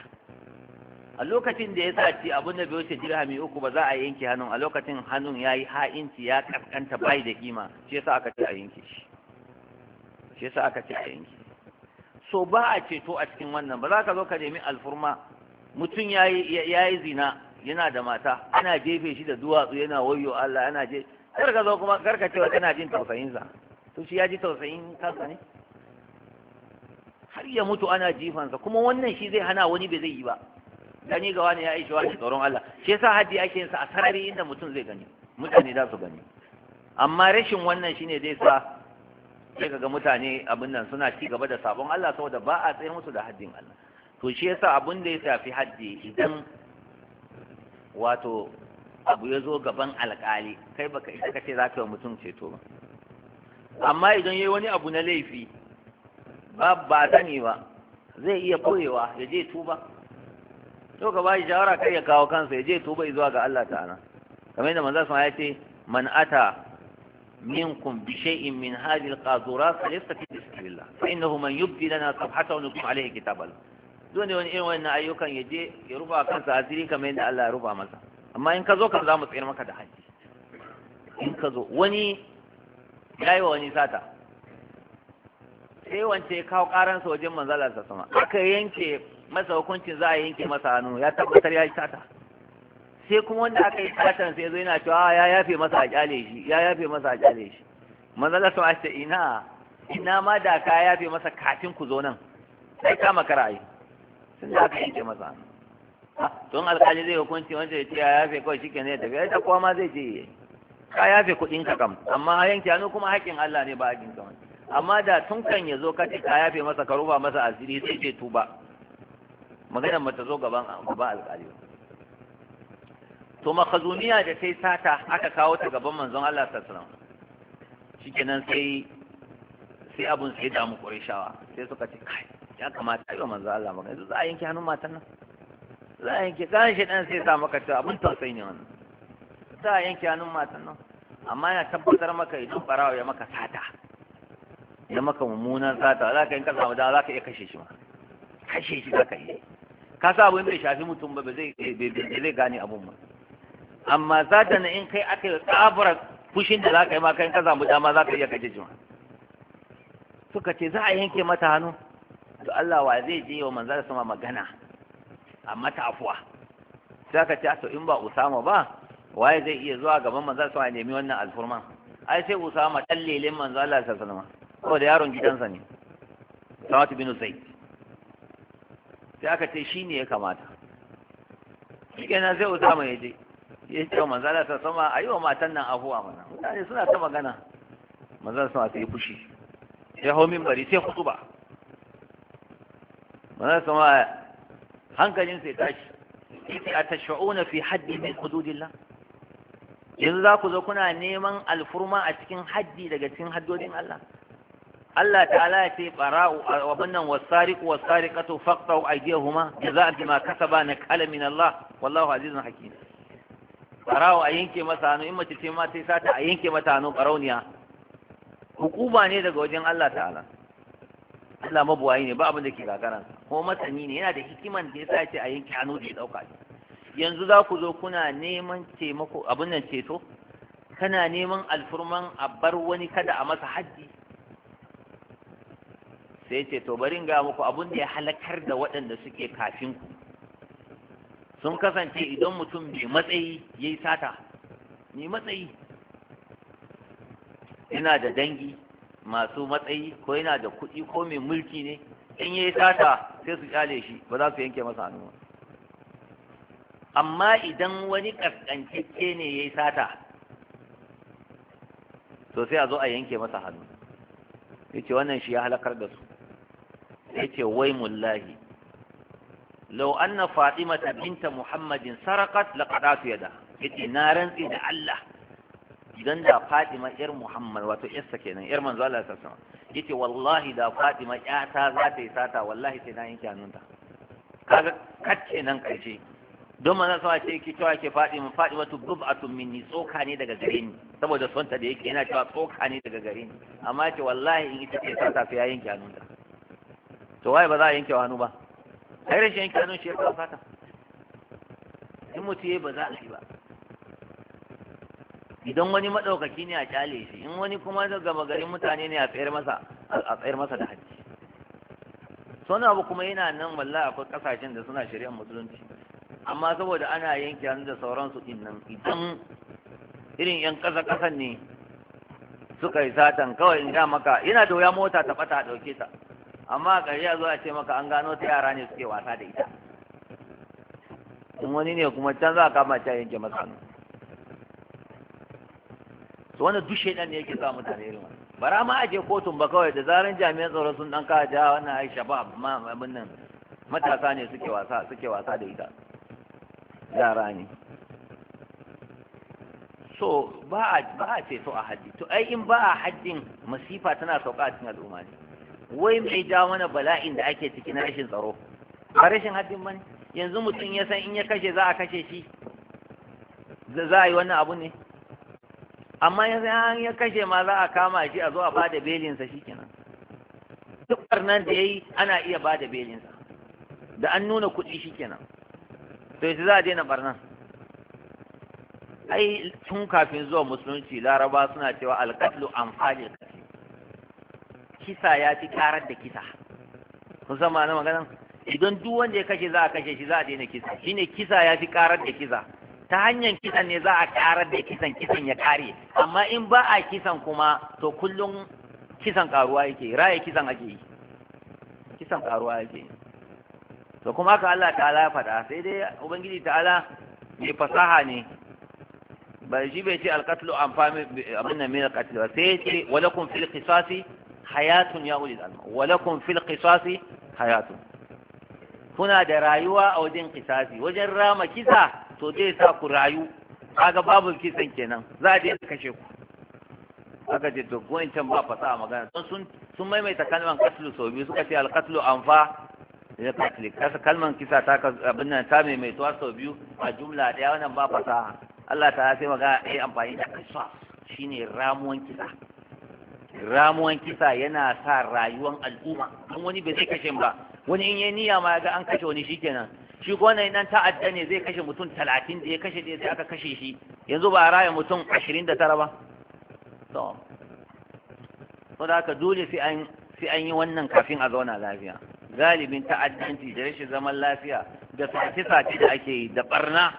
a lokacin da ya ci abin da bai wuce dirhami uku ba za a yanke hannun a lokacin hannun ya yi ha'inci ya kaskanta bai da kima shi yasa aka ce a yanke shi shi yasa aka ce a yanke so ba a ceto a cikin wannan ba za ka zo ka nemi alfurma mutum ya yi zina yana da mata ana jefe shi da duwatsu yana wayo Allah yana je kar ka zo kuma kar ka cewa kana jin tausayinsa to shi ya ji tausayin kansa ne har ya mutu ana jifansa kuma wannan shi zai hana wani bai zai yi ba gani ga wani ya yi shawara tsoron Allah shi yasa haddi ake yin sa a sarari inda mutum zai gani mutane za su gani amma rashin wannan shine zai sa sai kaga mutane abin nan suna ci gaba da sabon Allah saboda ba a tsaye musu da haddin Allah to shi yasa abin da ya shafi haddi idan wato abu ya zo gaban alƙali, kai baka isa ka ce za ka mutum ceto ba amma idan yayi wani abu na laifi ba ba sani ba zai iya koyewa ya je tuba to ka bashi shawara kai ya kawo kansa ya je tuba zuwa ga Allah ta'ala kamar yadda manzo ya ce man ata minkum bi shay'in min hadhihi al fa falyastaqim bi sabilillah fa innahu man yubdi lana wa nukum alayhi kitabal duk ne wani irin wannan ayyukan ya je ya rufa kansa asiri kamar yadda Allah ya rufa masa amma in ka zo ka za mu tsayar maka da haji in ka zo wani ya wani sata sai wance kawo karansa wajen manzalarsa sama aka yanke masa hukuncin za a yanke masa hannu ya tabbatar ya yi sata sai kuma wanda aka yi satan sai zo yana cewa ah, ya yafe masa a kyale shi ya yafe masa a kyale shi manzala sun ce ina ina ma da ka yafe masa kafin ku zo nan sai ka makara yi sun da aka yanke masa hannu don ah, alkali zai hukunci wanda ya ce ya yafe kawai shi ke ne tafiya ita kowa ma zai ce ka yafe kuɗin ka kam amma yanke hannu kuma haƙƙin Allah ne ba haƙƙin ka amma da tun kan ya zo ka ce ka yafe masa ka ruba masa asiri sai ce tuba maganar mata zo gaban gaba alƙali to makhazuniya da sai sata aka kawo ta gaban manzon Allah sallallahu alaihi wasallam shikenan sai sai abun sai damu Qurayshawa sai suka ce kai ya kamata wa manzon Allah magana yanzu za a yanke hannun matan nan za a yanke kan shi dan sai sa maka ta abun tausayi ne wannan za a yanke hannun matan nan amma ya tabbatar maka idan barawa ya maka sata ya maka mummunan sata za ka yi samu da za ka iya kashe shi ma kashe shi za ka yi. ka sa abin bai shafi mutum ba zai zai gane abun ba amma zata na in kai aka yi fushin da za ka yi ma kai ka samu dama za ka iya kaje jima suka ce za a yanke mata hannu to Allah wa zai je wa manzara sama magana a mata afuwa sai aka ce to in ba Usama ba waye zai iya zuwa gaban manzara sama ya nemi wannan alfurman ai sai Usama dan lelen manzo Allah sallallahu alaihi wasallam ko da yaron gidansa ne sawatu bin Zaid sai aka ce shi ne ya kamata shi kenan sai usama ya je ya ce manzala ta sama a yi wa matan nan afuwa mana mutane suna ta magana manzala sama sai fushi ya hau bari sai ba. manzala sama hankalin sai tashi yace atash'una fi haddi min hududillah yanzu za ku zo kuna neman alfurma a cikin haddi daga cikin haddodin Allah Allah ta'ala ya ce bara'u wa bannan wasariqu wasariqatu za a jazaa'an bima kasaba nakala min Allah wallahu azizun hakim bara'u a yanke masa hannu in mace ce ma sai sata a yanke mata hannu barauniya hukuma ne daga wajen Allah ta'ala Allah mabuwayi ne ba abin da ke gagaran ko masani ne yana da hikiman da yasa ce a yanke hannu da ya dauka yanzu za ku zo kuna neman taimako abin nan ceto kana neman alfurman a bar wani kada a masa hajji? sai ce to bari ga muku abun da ya halakar da waɗanda suke kafin ku sun kasance idan mutum mai matsayi yayi sata mai matsayi Ina da dangi masu matsayi ko yana da kuɗi ko mai mulki ne in yayi sata sai su kyale shi ba za su yanke masa hannu amma idan wani kaskantacce ne yayi sata to sai a zo a yanke masa hannu ce wannan shi ya halakar da su yace wai mullahi law anna fatimata binta muhammadin sarakat laqadatu yada yace na rantsi da Allah idan da fatima yar muhammad wato yarsa kenan yar manzo Allah sallallahu alaihi wasallam yace wallahi da fatima yata za ta yi sata wallahi sai na yanke hannunta kaga kacce nan karshe don manzo sa ce ki cewa ke fatima fatima tu bub'atun minni tsoka ne daga gare ni saboda sonta da yake yana cewa tsoka ne daga gare ni amma ce wallahi in ita ce sata sai ya yanke hannunta to waye ba za a yanke wa hannu ba ai rashin yanke hannun shi ya kawo sata in mutu yayi ba za a yi ba idan wani maɗaukaki ne a kyale shi in wani kuma gaba garin mutane ne a tsayar masa a tsayar masa da hajji na abu kuma yana nan wallahi akwai kasashen da suna shari'ar musulunci amma saboda ana yanke hannu da sauransu din nan idan irin yan ƙasa ƙasan ne suka yi satan kawai in ga maka yana da wuya mota ta ɓata a ɗauke ta amma a ƙarshe zo a ce maka an gano ta yara ne suke wasa da ita in wani ne kuma can za a kama ta yanke masa hannu to wannan duk shaidan ne yake sa mutane irin wani bara ma je kotun ba kawai da zaran jami'an tsaro sun dan kawo ja wannan ai shabab ma abin nan matasa ne suke wasa suke wasa da ita yara ne so ba a ba a ce to a haddi to ai in ba a haddin masifa tana sauka a cikin al'umma ne wai mai ja mana bala'in da ake ciki na rashin tsaro ba rashin haddin bane yanzu mutum ya san in ya kashe za a kashe shi za a yi wannan abu ne amma ya san an ya kashe ma za a kama shi a zo a bada belinsa shikenan duk barnan da yayi ana iya bada belinsa da an nuna kuɗi shikenan to yanzu za a daina barnan ai tun kafin zuwa musulunci laraba suna cewa alƙatlu amfalil kisa ya fi karar da kisa kun san ma na maganan idan duk wanda ya kashe za a kashe shi za a daina kisa shine kisa ya fi karar da kisa ta hanyar kisan ne za a karar da kisan kisan ya kare amma in ba a kisan kuma to kullum kisan karuwa yake raya kisan ake yi kisan karuwa yake to kuma ka Allah ta'ala ya faɗa sai dai ubangiji ta'ala mai fasaha ne ba shi bai ce alqatlu amfani abin nan min ba. sai ce kun fil qisasi hayatun ya ulil alba walakun fil qisasi hayatun kuna da rayuwa a wajen qisasi wajen rama kisa to zai sa ku rayu kaga babu kisan kenan za a daina kashe ku aka ce to wancan ba fasaha magana sun sun maimaita kalman katlu sau biyu suka ce alkatlu anfa da katli kasa kalman kisa ta abin nan ta maimaituwa sau biyu a jumla ɗaya wannan ba fasaha Allah ta sai magana yi eh, amfani da kasuwa shine ramuwan kisa ramuwan kisa yana sa rayuwan al'umma don wani bai zai kashe ba wani in yi niyya ma ga an kashe wani shikenan shi ko wani nan ta'adda ne zai kashe mutum talatin da ya kashe da aka kashe shi yanzu ba a raya mutum ashirin da tara ba to da haka dole sai an sai an yi wannan kafin a zauna lafiya galibin ta'addanci da rashin zaman lafiya da sace-sace da ake yi da barna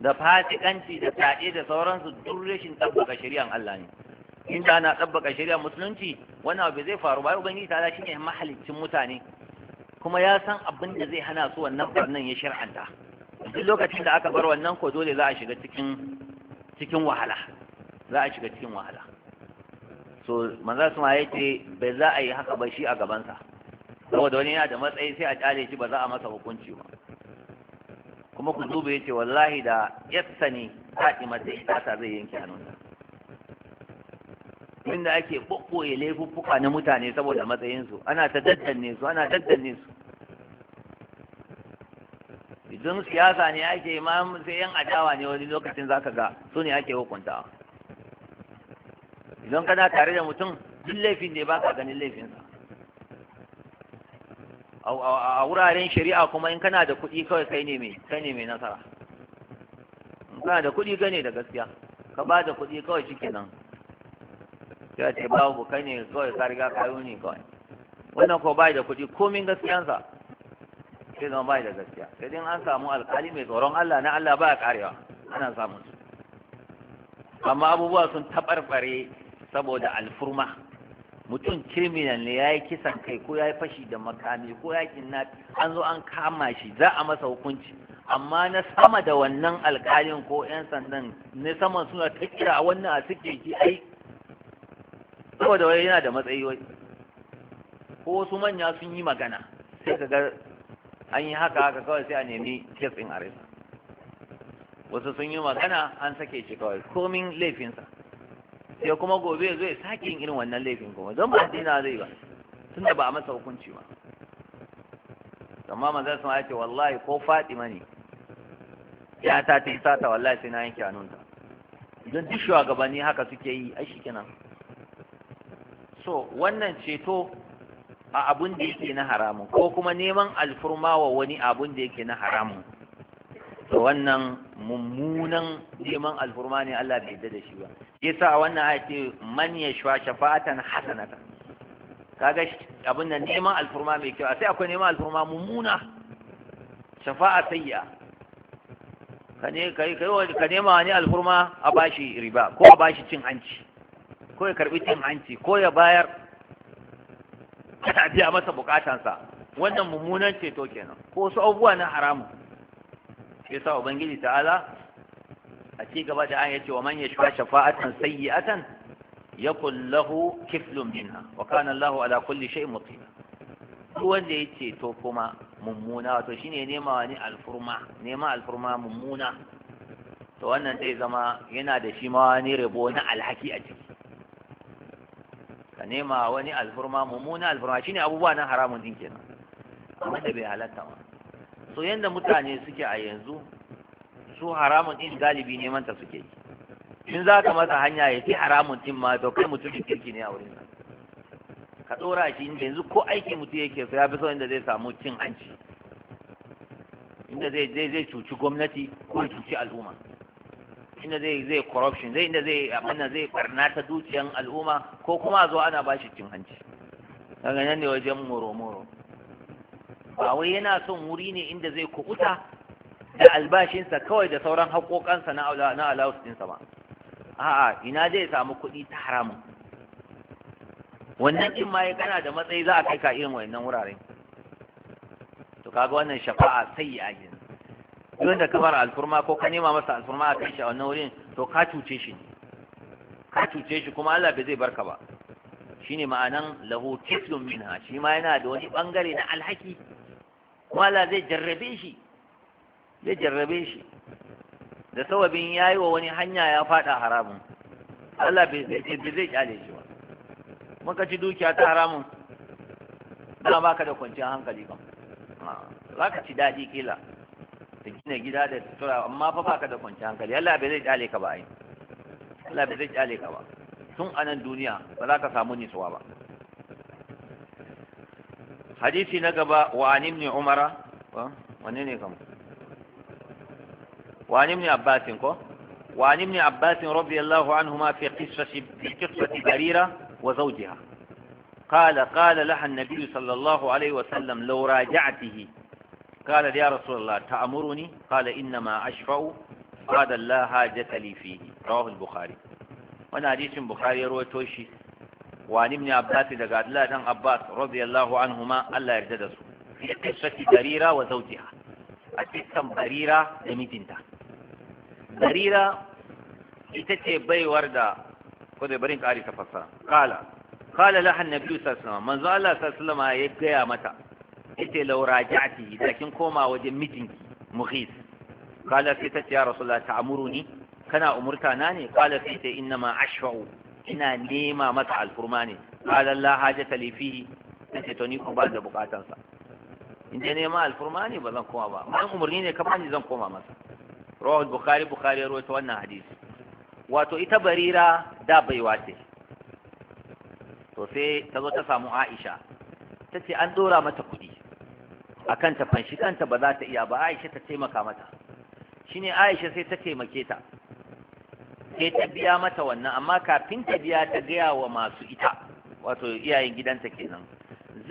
da fasikanci da taɗe da sauransu duk rashin tabbaka shari'an Allah ne inda ana tsabbaka shari'a musulunci wannan abu zai faru ba ubangi ta shi ne mahalicin mutane kuma ya san abin da zai hana su wannan barnan ya shir'anta duk lokacin da aka bar wannan ko dole za a shiga cikin cikin wahala za a shiga cikin wahala so manzo su ma yace bai za a yi haka ba shi a gabansa saboda wani yana da matsayi sai a kyale shi ba za a masa hukunci ba kuma ku duba yace wallahi da yatsani ta imata ta zai yanke hannunta inda ake ɓoɓɓoye laifuffuka na mutane saboda matsayinsu ana ta daddanne su ana daddanne su idan siyasa ne ake ma sai yan adawa ne wani lokacin zaka ga su ne ake hukuntawa idan kana tare da mutum duk laifin ne baka ganin laifinsa a wuraren shari'a kuma in kana da kuɗi kawai kai ne mai kai ne mai nasara in kana da kuɗi gane da gaskiya ka ba da kuɗi kawai shikenan sai ce babu kai ne kawai ka riga ka yi kawai wannan ko bai da kuɗi komin gaskiyansa sai zama bai da gaskiya sai dai an samu alƙali mai tsoron Allah na Allah baya karewa ana samun su amma abubuwa sun taɓarɓare saboda alfurma mutum criminal ne ya yi kisan kai ko ya yi fashi da makami ko ya kidnap an zo an kama shi za a masa hukunci amma na sama da wannan alƙalin ko 'yan sandan na saman suna ta kira wannan a suke ki ai saboda wai yana da matsayi wai ko wasu manya sun yi magana sai ka ga an yi haka haka kawai sai a nemi kes ɗin a wasu sun yi magana an sake shi kawai komin laifinsa sai kuma gobe zo ya sake yin irin wannan laifin kuma don ba dina zai ba tun da ba a masa hukunci ba amma manzon sun ce wallahi ko Fatima ne ya ta ta sata wallahi sai na yanke hannunta don duk shugabanni haka suke yi ai kenan so wannan ceto a abun da yake na haramun ko kuma neman alfurma wa wani abun da yake na haramun to wannan mummunan neman alfurma ne Allah bai yarda da shi ba yasa wannan ayat ce man yashwa shafa'atan hasanata kaga abin nan neman alfurma mai kyau sai akwai neman alfurma mummuna shafa'a sayya ka ne kai kai ka nema wani alfurma a bashi riba ko a bashi cin hanci ko ya karbi cin hanci ko ya bayar Ta biya masa bukatansa wannan mummunan ceto kenan ko su abubuwa na haramu Ya sa ubangiji ta'ala a ci gaba da an yace wa man yashfa shafa'atan sayyi'atan yakul lahu kiflun minha wa kana Allahu ala kulli shay'in muqima duk wanda ya ceto kuma mummuna wato shine nema wani alfurma nema alfurma mummuna to wannan zai zama yana da shi ma wani rabo na alhaki a ciki ka nema wani alfurma mummuna alfurma shine abubuwa na haramun din kenan amma da bai halatta ba so yanda mutane suke a yanzu su haramun din galibi neman ta suke yi in za ka masa hanya ya fi haramun din ma to kai mutumin kirki ne a wurin nan ka dora shi inda yanzu ko aiki mutum yake so ya fi so inda zai samu cin hanci inda zai zai cuci gwamnati ko cuci al'umma inda zai zai corruption zai inda zai abinda zai barna ta dukiyan al'umma ko kuma zo ana ba shi cin hanci daga nan ne wajen moro-moro ba wai yana son wuri ne inda zai kubuta da albashinsa kawai da sauran haƙoƙansa na allowance ɗinsa ba a'a ina zai samu kuɗi ta haramun wannan in ma ya kana da matsayi za a kai ka irin wannan wuraren to kaga wannan shafa'a sai ya yi duk da ka alfurma ko ka nema masa alfurma a kan shi a wannan wurin to ka cuce shi ka cuce shi kuma Allah bai zai barka ba shine ma'anan lahu kislun minha shi ma yana da wani bangare na alhaki kuma Allah zai jarrabe shi zai jarrabe shi da sababin yayi wa wani hanya ya fada haramun Allah bai zai kyale shi ba muka ci dukiya ta haramun ba ka da kwanciyar hankali ba ah, za ka ci daɗi kila ka gina gida da sutura amma fa baka da kwanciyar hankali Allah bai zai kyale ka ba ai Allah bai zai kyale ka ba tun a nan duniya ba za ka samu nisuwa ba hadisi na gaba wa an ibn umara wanne ne kam wa an ibn abbas ko wa ibn abbas radiyallahu anhuma fi fi barira wa zawjiha قال قال لها النبي صلى الله عليه وسلم لو راجعته فقال يا رسول الله تأمرني قال إنما أشفع قال لا حاجة لي فيه رواه البخاري وانا حديث البخاري روى توشي وعن ابن عباس لقى الله بن عباس رضي الله عنهما الله يرجد في قصة بريرة وزوجها أتكتم بريرة لمدينتا بريرة إتتي بي وردة كده برين قاري تفسر قال قال لها النبي صلى الله عليه وسلم من زال الله صلى الله عليه وسلم يبقى متى yace law raja'ti da kin koma wajen mijinki mughis qala sai ta ce ya rasulullah ta'muruni kana umurta na ne qala sai ta inna ma ashfa'u ina nema masa alfurma ne qala la hajata li fihi sai to ni ko ba da bukatansa in je nema alfurma ne ba zan koma ba bayan umarni ne kamar ni zan koma masa rawal bukhari bukhari ya rawaito wannan hadisi wato ita barira da bai wace. to sai ta zo ta samu aisha ta ce an dora mata kuɗi akan ta fanshi kanta ba za ta iya ba aisha ta taimaka mata shine aisha sai ta taimake ta sai ta biya mata wannan amma kafin ta biya ta gaya wa masu ita wato iyayen gidanta kenan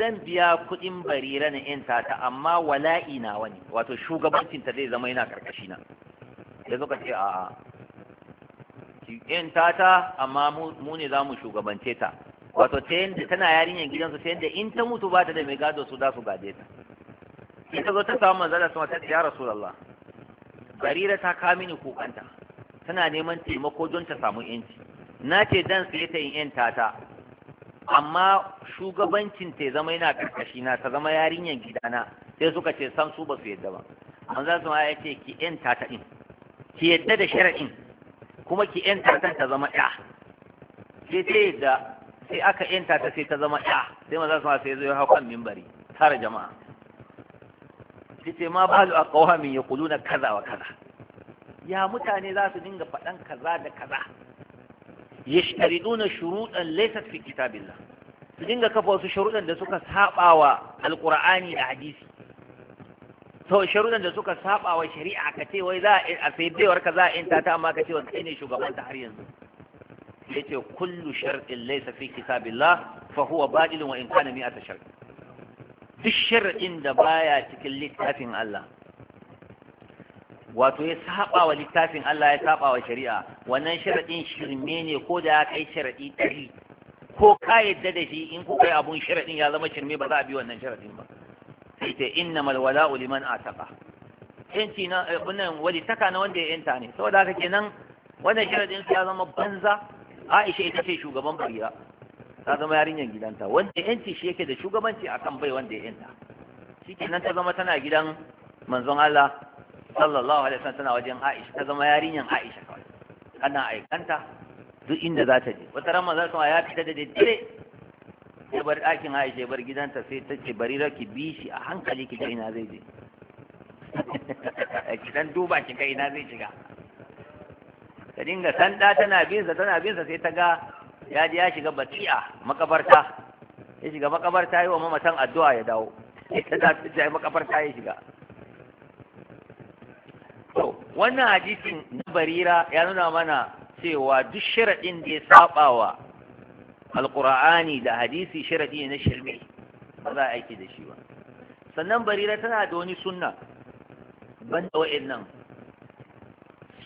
zan biya kuɗin barira na yanta ta amma wala'i na wani wato shugabancin ta zai zama yana karkashi na da ka ce a'a yanta ta amma mu ne za mu shugabance ta wato ta yanda tana yarinyar gidansu ta yanda in ta mutu ba ta da mai gado su za su gade ta sai ta zo ta samu manzala sama ta ya rasulullah barira ta ka mini kokanta tana neman taimako don ta samu yanci na ce dan sai ta yin yanta ta amma shugabancin ta zama yana karkashi na ta zama yarinyan gidana sai suka ce sam su ba su yadda ba manzala sama ya ce ki yanta ta din ki yadda da shar'in kuma ki yanta ta ta zama ya sai ta da sai aka yanta ta sai ta zama ya sai manzala sama sai zo ya hau kan mimbari tare jama'a yace ma ba ya aqwamin na kaza wa kaza ya mutane za su dinga faɗan kaza da kaza Ya yashtariduna shuruɗan laysat fi kitabillah su dinga kafa wasu sharuɗan da suka saba wa alqur'ani da hadisi to sharuɗan da suka saba wa shari'a ka ce wai za a sai daiwar ka za a inta ta amma ka ce wa kai ne shugaban ta har yanzu Ya ce kullu shar'in laysa fi kitabillah fa huwa batilun wa in kana mi'ata shar'in duk sharaɗin da baya cikin littafin Allah wato ya saba wa littafin Allah ya saba wa shari'a wannan sharaɗin shirme ne ko da ya kai sharaɗi ɗari ko ka yadda da shi in kuka yi abun sharaɗin ya zama shirme ba za a bi wannan sharaɗin ba sai ta inna malwala uliman a taƙa yanci na wannan wani taka na wanda ya yanta ne saboda haka kenan wannan sharaɗin ya zama banza Aisha ita ce shugaban barira ta zama yarinyar gidanta wanda yanci shi yake da shugabanci akan bai wanda ya yanta kenan ta zama tana gidan manzon Allah sallallahu alaihi wasallam tana wajen Aisha ta zama yarinyar Aisha kawai kana aikanta duk inda za ta je wata ran manzon Allah ya fita da dare. ya bar ɗakin Aisha ya bar gidanta sai ta ce bari raki bi shi a hankali ki ga ina zai je <laughs> ki dan duba ki ga ina zai shiga ta dinga sanda tana bin sa tana bin sa sai ta ga ya ji ya shiga bati'a makabarta ya shiga makabarta yi wa mamatan addu'a ya dawo ita za ta ce makabarta ya shiga to wannan hadisin na barira ya nuna mana cewa duk sharaɗin da ya saba wa alƙur'ani da hadisi sharaɗi na shirme ba za a aiki da shi ba sannan barira tana da wani sunna banda nan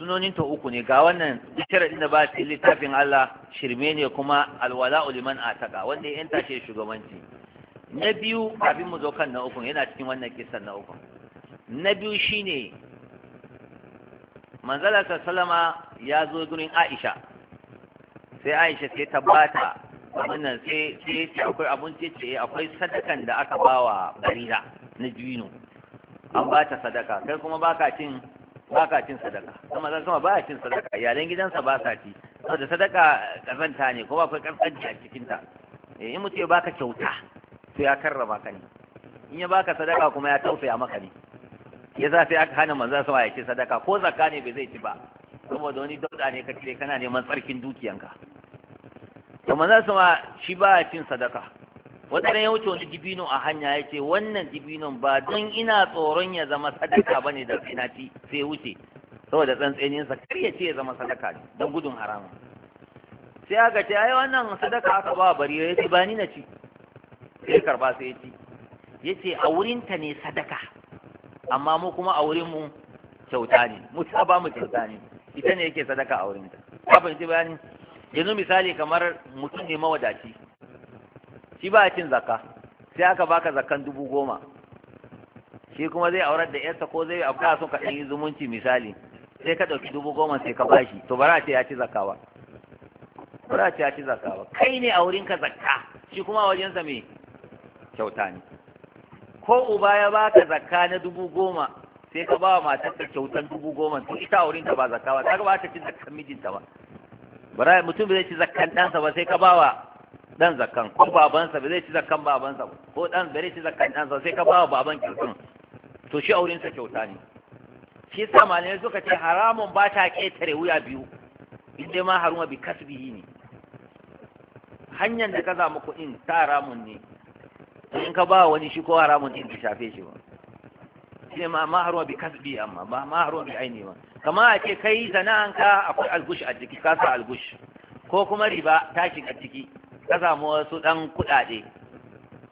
sunonin ta uku ne ga wannan sharaɗin da ba ta littafin Allah shirme ne kuma alwala uliman ataka wanda ya yanta shi shugabanci na biyu abin mu zo kan na uku yana cikin wannan kisan na uku na biyu shine manzala sallama ya zo gurin Aisha sai Aisha sai ta bata wannan sai sai akwai abun ce eh, akwai sadakan da aka bawa barira na Juyino an ba ta sadaka kai kuma baka cin ba ka cin sadaka kuma zan sama ba a cin sadaka iyalan gidansa ba sa ci saboda sadaka kazanta ne kuma akwai kaskanci a cikinta eh, in mutum ya baka kyauta to ya karrama ka ne in ya baka sadaka kuma ya tausaya maka ne ya za sai aka hana manzon sama ya ce sadaka ko zakka ne bai zai ci ba saboda wani dauda ne ka cire kana neman tsarkin dukiyanka to manzon sama shi ba cin sadaka wata ya wuce wani dibino a hanya ya ce wannan dibinon ba don ina tsoron ya zama sadaka ba ne da sinaci sai wuce saboda tsantseninsa kar ya ce ya zama sadaka ne don gudun haramun sai aka ce ai wannan sadaka aka ba bari ya ce ba ni na ci sai karba sai ya ci ya ce a wurinta ne sadaka amma mu kuma a wurinmu kyauta ne mu ta ba mu kyauta ne ita ne yake sadaka a wurinta ka fahimci bayani yanzu misali kamar mutum ne mawadaci shi ba cin zakka sai aka baka zakkan dubu goma shi kuma zai aurar da yarsa ko zai abuwa sun ka ɗan yi zumunci misali sai ka ɗauki dubu goma sai ka bashi to bara ce ya ci zakka ba bara ce ya ci zakka ba kai ne a wurin ka zakka shi kuma wajensa me kyauta ne ko uba ya baka zakka na dubu goma sai ka ba wa matar ka kyautan dubu goma to ita a wurin ta ba zakka ba ta ba ta ci zakkan mijinta ba bara mutum bai ci zakkan ɗansa ba sai ka ba wa dan zakan ko babansa ba zai ci zakan babansa ko dan bare ci zakan dan sa sai ka bawa baban kyautan to shi auren sa kyauta ne shi sa malamai suka ce haramun ba ta ketare wuya biyu inda ma haruma bi kasbihi ne hanyar da ka zama kuɗin ta haramun ne in ka ba wani shi ko haramun din ta shafe shi ba shi ma ma haruma bi kasbi amma ba ma haruma bi aini ba kama a ce kai sana'anka akwai algush a ciki ka sa algush ko kuma riba ta shiga ciki ka samu wasu ɗan kuɗaɗe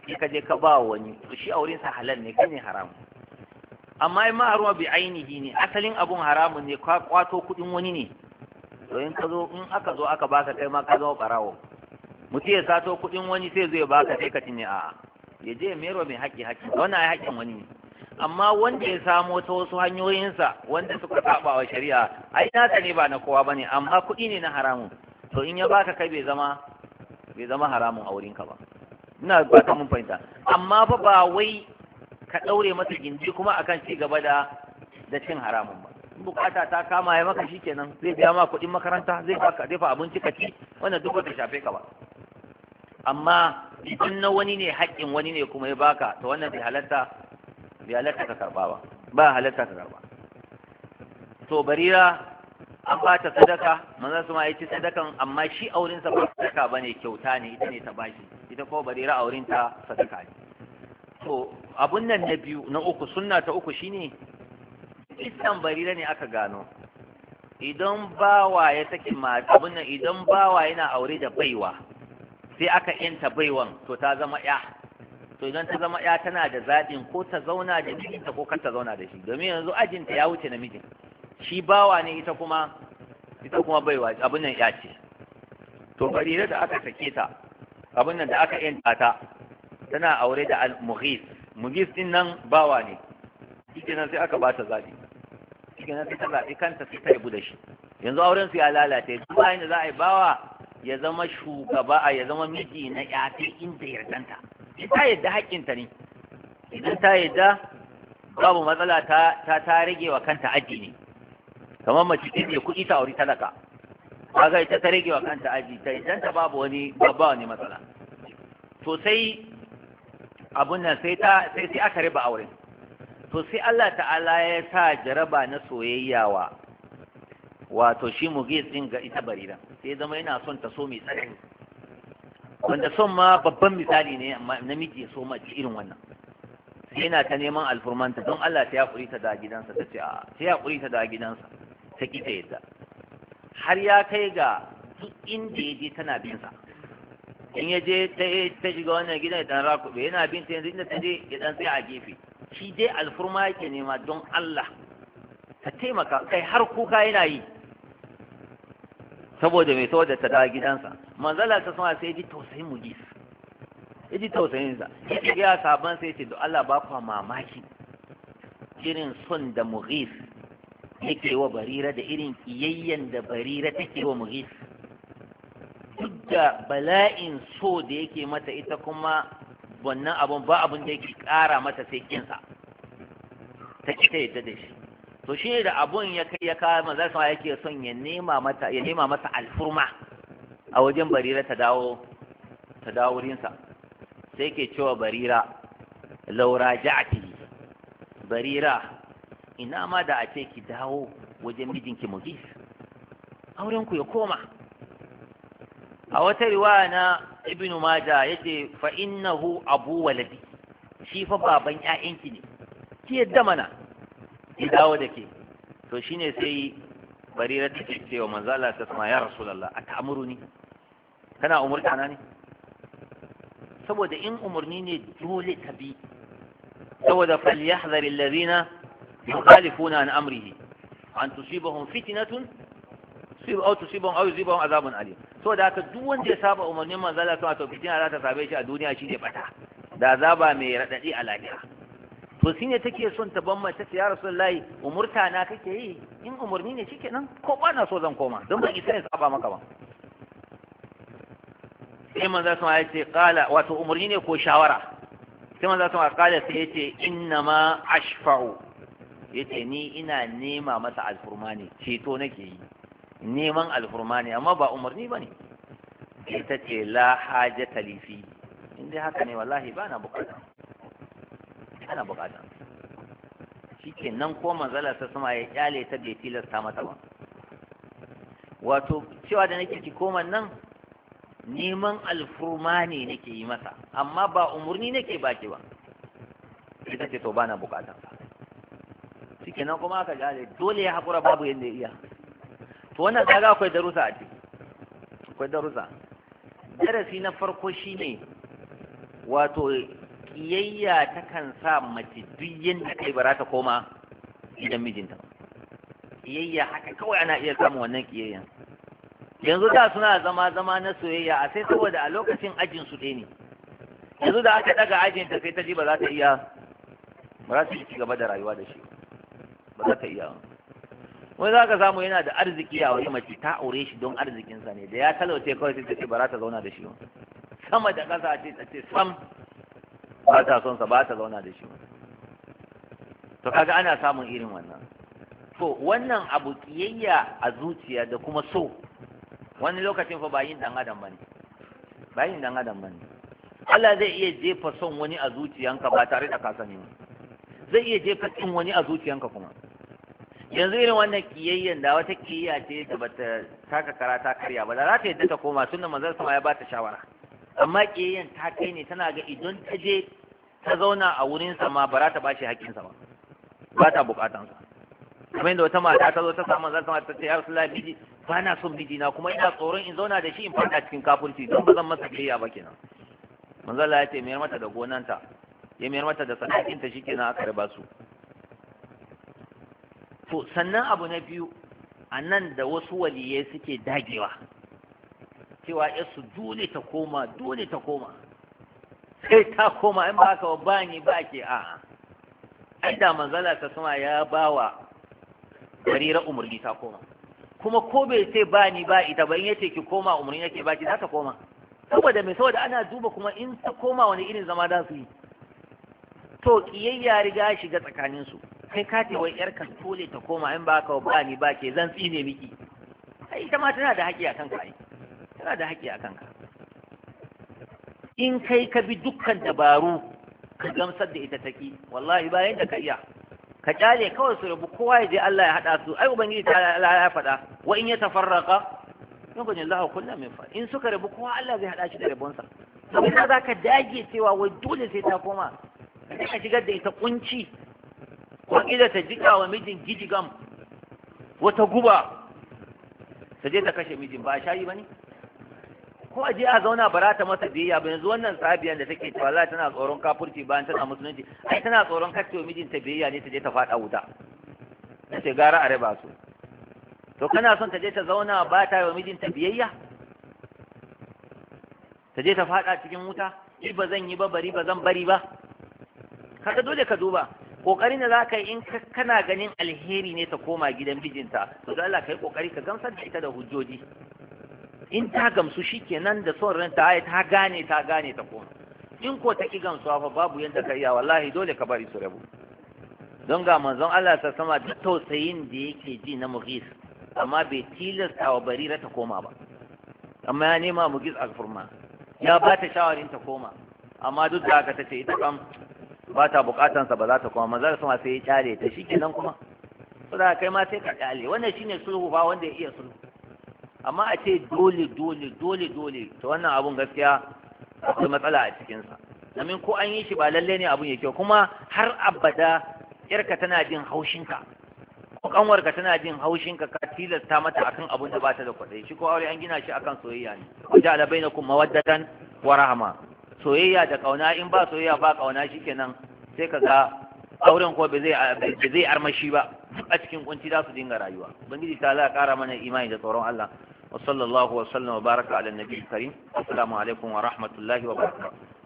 sai ka je ka ba wani to shi a sa halal ne kai ne haramu amma in ma ruwa bi ainihi ne asalin abun haramun ne ka kwato kuɗin wani ne to in ka zo in aka zo aka baka kai ma ka zama barawo mutum ya sato kuɗin wani sai zai baka sai ka cinye a'a ya je mero mai haƙƙi haƙƙi wannan ai haƙƙin wani ne amma wanda ya samo ta wasu hanyoyinsa wanda suka saba wa shari'a ai nasa ne ba na kowa bane amma kuɗi ne na haramun to in ya baka kai bai zama bai zama haramun a ka ba ina ta mun fahimta amma fa ba wai ka ɗaure masa gindi kuma akan ci gaba da da cin haramun ba bukata ta kama ya maka shikenan zai biya ma kuɗin makaranta zai baka zai fa abinci ka ci wannan duk wata shafe ka ba amma idan na wani ne haƙƙin wani ne kuma ya baka to wannan bai halatta bai halatta ka karba ba ba halatta ka karba to barira an ba ta sadaka manzon su ma ya ci sadakan amma shi auren sa ba sadaka bane kyauta ne ita ne ta bashi ita ko barira auren ta sadaka ne to abun nan na biyu na uku sunna ta uku shine isan barira ne aka gano idan bawa ya saki abun nan idan bawa yana aure da baiwa sai aka yanta baiwan to ta zama ya to idan ta zama ya tana da zaɓin ko ta zauna da mijinta ko kar ta zauna da shi domin yanzu ajinta ya wuce namijin shi bawa ne ita kuma ita kuma baiwa abin nan ya ce to farida da aka sake ta abin nan da aka yanta ta tana aure da al-mughis mughis din nan bawa ne shi nan sai aka ba ta zabi shi nan sai ta zabi kanta sai ta yabu da shi yanzu auren su ya lalace duk bayan da za a yi bawa ya zama shugaba a ya zama miji na yafi inda yardanta ta yadda haƙƙinta ne idan ta yadda babu matsala ta ta rage wa kanta aji ne kamar mace ce ne kuɗi ta auri talaka kaga ita ta rage wa kanta aji ta idan ta babu wani babba wani matsala to sai abun nan sai ta sai sai aka riba aure to sai Allah ta'ala ya sa jaraba na soyayya wa wato shi mugis din ga ita barira sai zama yana son ta so mai tsanani wanda son ma babban misali ne namiji so mace irin wannan sai yana ta neman alfurmanta don Allah ta ya kurita da gidansa ta ce a sai ya ta da gidansa ta ƙi ta yadda har ya kai ga duk inda ya je tana bin sa in ya je ta shiga wannan gidan ya dan rakube yana bin ta yanzu inda ta je ya dan tsaya a gefe shi dai alfurma yake nema don Allah ta taimaka kai har kuka yana yi saboda mai saboda ta dawo gidansa manzala ta sama sai ji tausayin mujis ya ji sa. ya ya sabon sai ce da Allah ba kwa mamaki irin son da mughis yake wa barira da irin kiyayyen da barira take wa muhis duk da bala'in so da yake mata ita kuma wannan abun ba abun da yake kara mata sai kinsa ta ci ta yadda da shi to shi da abun ya kai ya kawo maza sama yake son ya nema mata ya nema mata alfurma a wajen barira ta dawo ta dawo rinsa sai ke cewa barira laura ja'ati barira ina ma da a ce ki dawo wajen mijinki mujis auren ku ya koma a wata riwaya na ibnu maja yace fa innahu abu waladi shi fa baban ƴaƴanki ne ki yadda mana ki dawo da ke to shine sai barira ce cewa manzo Allah ta sama ya rasulullah ni kana umurta na ne saboda in umurni ne dole ka bi saboda falyahdhar alladhina يخالفون عن أمره أن تصيبهم فتنة تصيب أو تصيبهم أو يصيبهم عذاب عليم so da haka duk wanda ya saba umarnin سوى Allah ta fitina za ta same shi a duniya shi ne da mai radadi a lahira to shine take son ta ban mace ta ya rasulullahi umurta na kake yi in umurni ne nan? ko ba na so zan koma don ba isa ne saba maka ba sai manzo sama ya ce qala wato umurni ne ko shawara sai manzo sama qala sai ya ce inna ma ashfa'u ce ni ina nema masa alfurma ne ceto nake yi neman alfurma ne amma ba umarni ba ne. ita ce la haja talifi inda haka ne wallahi bana bukata ana bukata nan ko manzala ta sama ya kyale ta bai tilasta mata ba wato cewa da nake ki koma nan neman alfurma ne nake yi masa amma ba umarni nake baki ba ita ce to bana bukata ba shikenan kuma aka gane dole ya haƙura babu yadda ya iya to wannan kaga akwai darusa a ciki akwai darusa darasi na farko shi ne, wato kiyayya ta kan sa mace duk yadda kai ba za ta koma gidan mijinta kiyayya haka kawai ana iya samun wannan kiyayyan yanzu da suna zama zama na soyayya a sai saboda a lokacin ajin su ne yanzu da aka daga ajin ta sai ta ji ba za ta iya ba za ta ci gaba da rayuwa da shi ba za ka iya ba. wani za ka samu yana da arziki a wani mace ta aure shi don arzikinsa ne da ya talauce kawai sai ta ce ba za ta zauna da shi ba sama da ƙasa ce ta ce sam ba ta son sa ba ta zauna da shi ba to kaga ana samun irin wannan to wannan abu kiyayya a zuciya da kuma so wani lokacin fa ba yin dan adam bane ba yin dan adam bane Allah zai iya jefa son wani a zuciyanka ba tare da ka sani ba. zai iya jefa kin wani a zuciyanka kuma yanzu irin wannan kiyayyen da wata kiyayya ce da bata taka kara ta karya ba da za ta yadda ta koma da manzon sama ya ba ta shawara amma kiyayyen ta kai ne tana ga idan ta je ta zauna a wurin sa ma ba za ta bashi hakkin sa ba ba ta bukatan sa kamar yadda wata mata ta zo ta samu manzon sama ta ce ya rasulullahi biji ba na son biji na kuma ina tsoron in zauna da shi in fada cikin kafurci don ba zan masa kiyayya ba kenan manzon Allah ya ce mayar mata da gonanta ya mayar mata da shi shikenan aka riba su to sannan abu na biyu a nan da wasu waliye suke dagewa cewa yasu dole ta koma dole ta koma sai ta koma in ba haka ba ni ba ke a ai da manzala ta sama ya bawa barira umarni ta koma kuma ko bai sai ba ni ba ita ba in yace ki koma umarni yake ba ki za ta koma saboda mai saboda ana duba kuma in ta koma wani irin zama za su yi to kiyayya riga shiga tsakaninsu kai ka ce wai yar kan tole ta koma in ba ka ba ni ba ke zan tsine miki ai ita ma tana da haƙƙi a kanka ai tana da haƙƙi a kanka in kai ka bi dukkan dabaru ka gamsar da ita taki wallahi bayan da ka iya ka kyale kawai su rabu kowa ya je Allah ya haɗa su ai ubangiji ta Allah ya faɗa wa in ya tafarraqa yubani Allah kullu min fa in suka rabu kowa Allah zai haɗa shi da rabonsa saboda za ka dage cewa wai dole sai ta koma ka shigar da ita kunci wakila ta jika wa mijin gijigam wata guba ta je ta kashe mijin ba a shayi ba ne ko a je a zauna bara ta masa biyayya ba yanzu wannan sabiyan da take cewa Allah tana tsoron kafurci bayan tana musulunci ai tana tsoron mijin mijinta biyayya ne ta je ta faɗa wuta ce gara a raba su to kana son ta je ta zauna ba ta wa mijinta biyayya ta je ta faɗa cikin wuta ni ba zan yi ba bari ba zan bari ba kaga dole ka duba kokarin da za ka yi in kana ganin alheri ne ta koma gidan bijinta, to da Allah ka yi kokari ka gamsar da ita da hujjoji in ta gamsu shikenan da son ran ta ta gane ta gane ta koma in ko ta ki gamsuwa fa babu yanda ka iya wallahi dole ka bari su rabu don ga manzon Allah ta sama duk tausayin da yake ji na mughis amma bai tilasta wa barira ta koma ba amma ya nema mughis a furma ya ba ta shawarin ta koma amma duk da haka ta ce ita kam ba ta bukatan sa ba za ta kuma manzara sama sai ya kyale ta shi kenan kuma ko da kai ma sai ka kyale wannan shine sulhu ba wanda ya iya sulhu amma a ce dole dole dole dole to wannan abun gaskiya akwai matsala a cikin sa domin ko an yi shi ba lalle ne abun ya kyau kuma har abada yarka tana jin haushinka ko kanwarka tana jin haushin ka ka tilasta mata akan abun da ba ta da kwaɗayi shi ko aure an gina shi akan soyayya ne wajen alabai na kuma wa rahma soyayya da ƙauna in ba soyayya ba ƙauna kauna shikenan sai ka ga auren ko bai zai armashi ba a cikin kunci za su dinga rayuwa ubangiji ta za kara mana imani da tsoron Allah wa sallallahu wa sallam wa baraka ala nabiyyi karim assalamu alaikum wa rahmatullahi wa barakatuh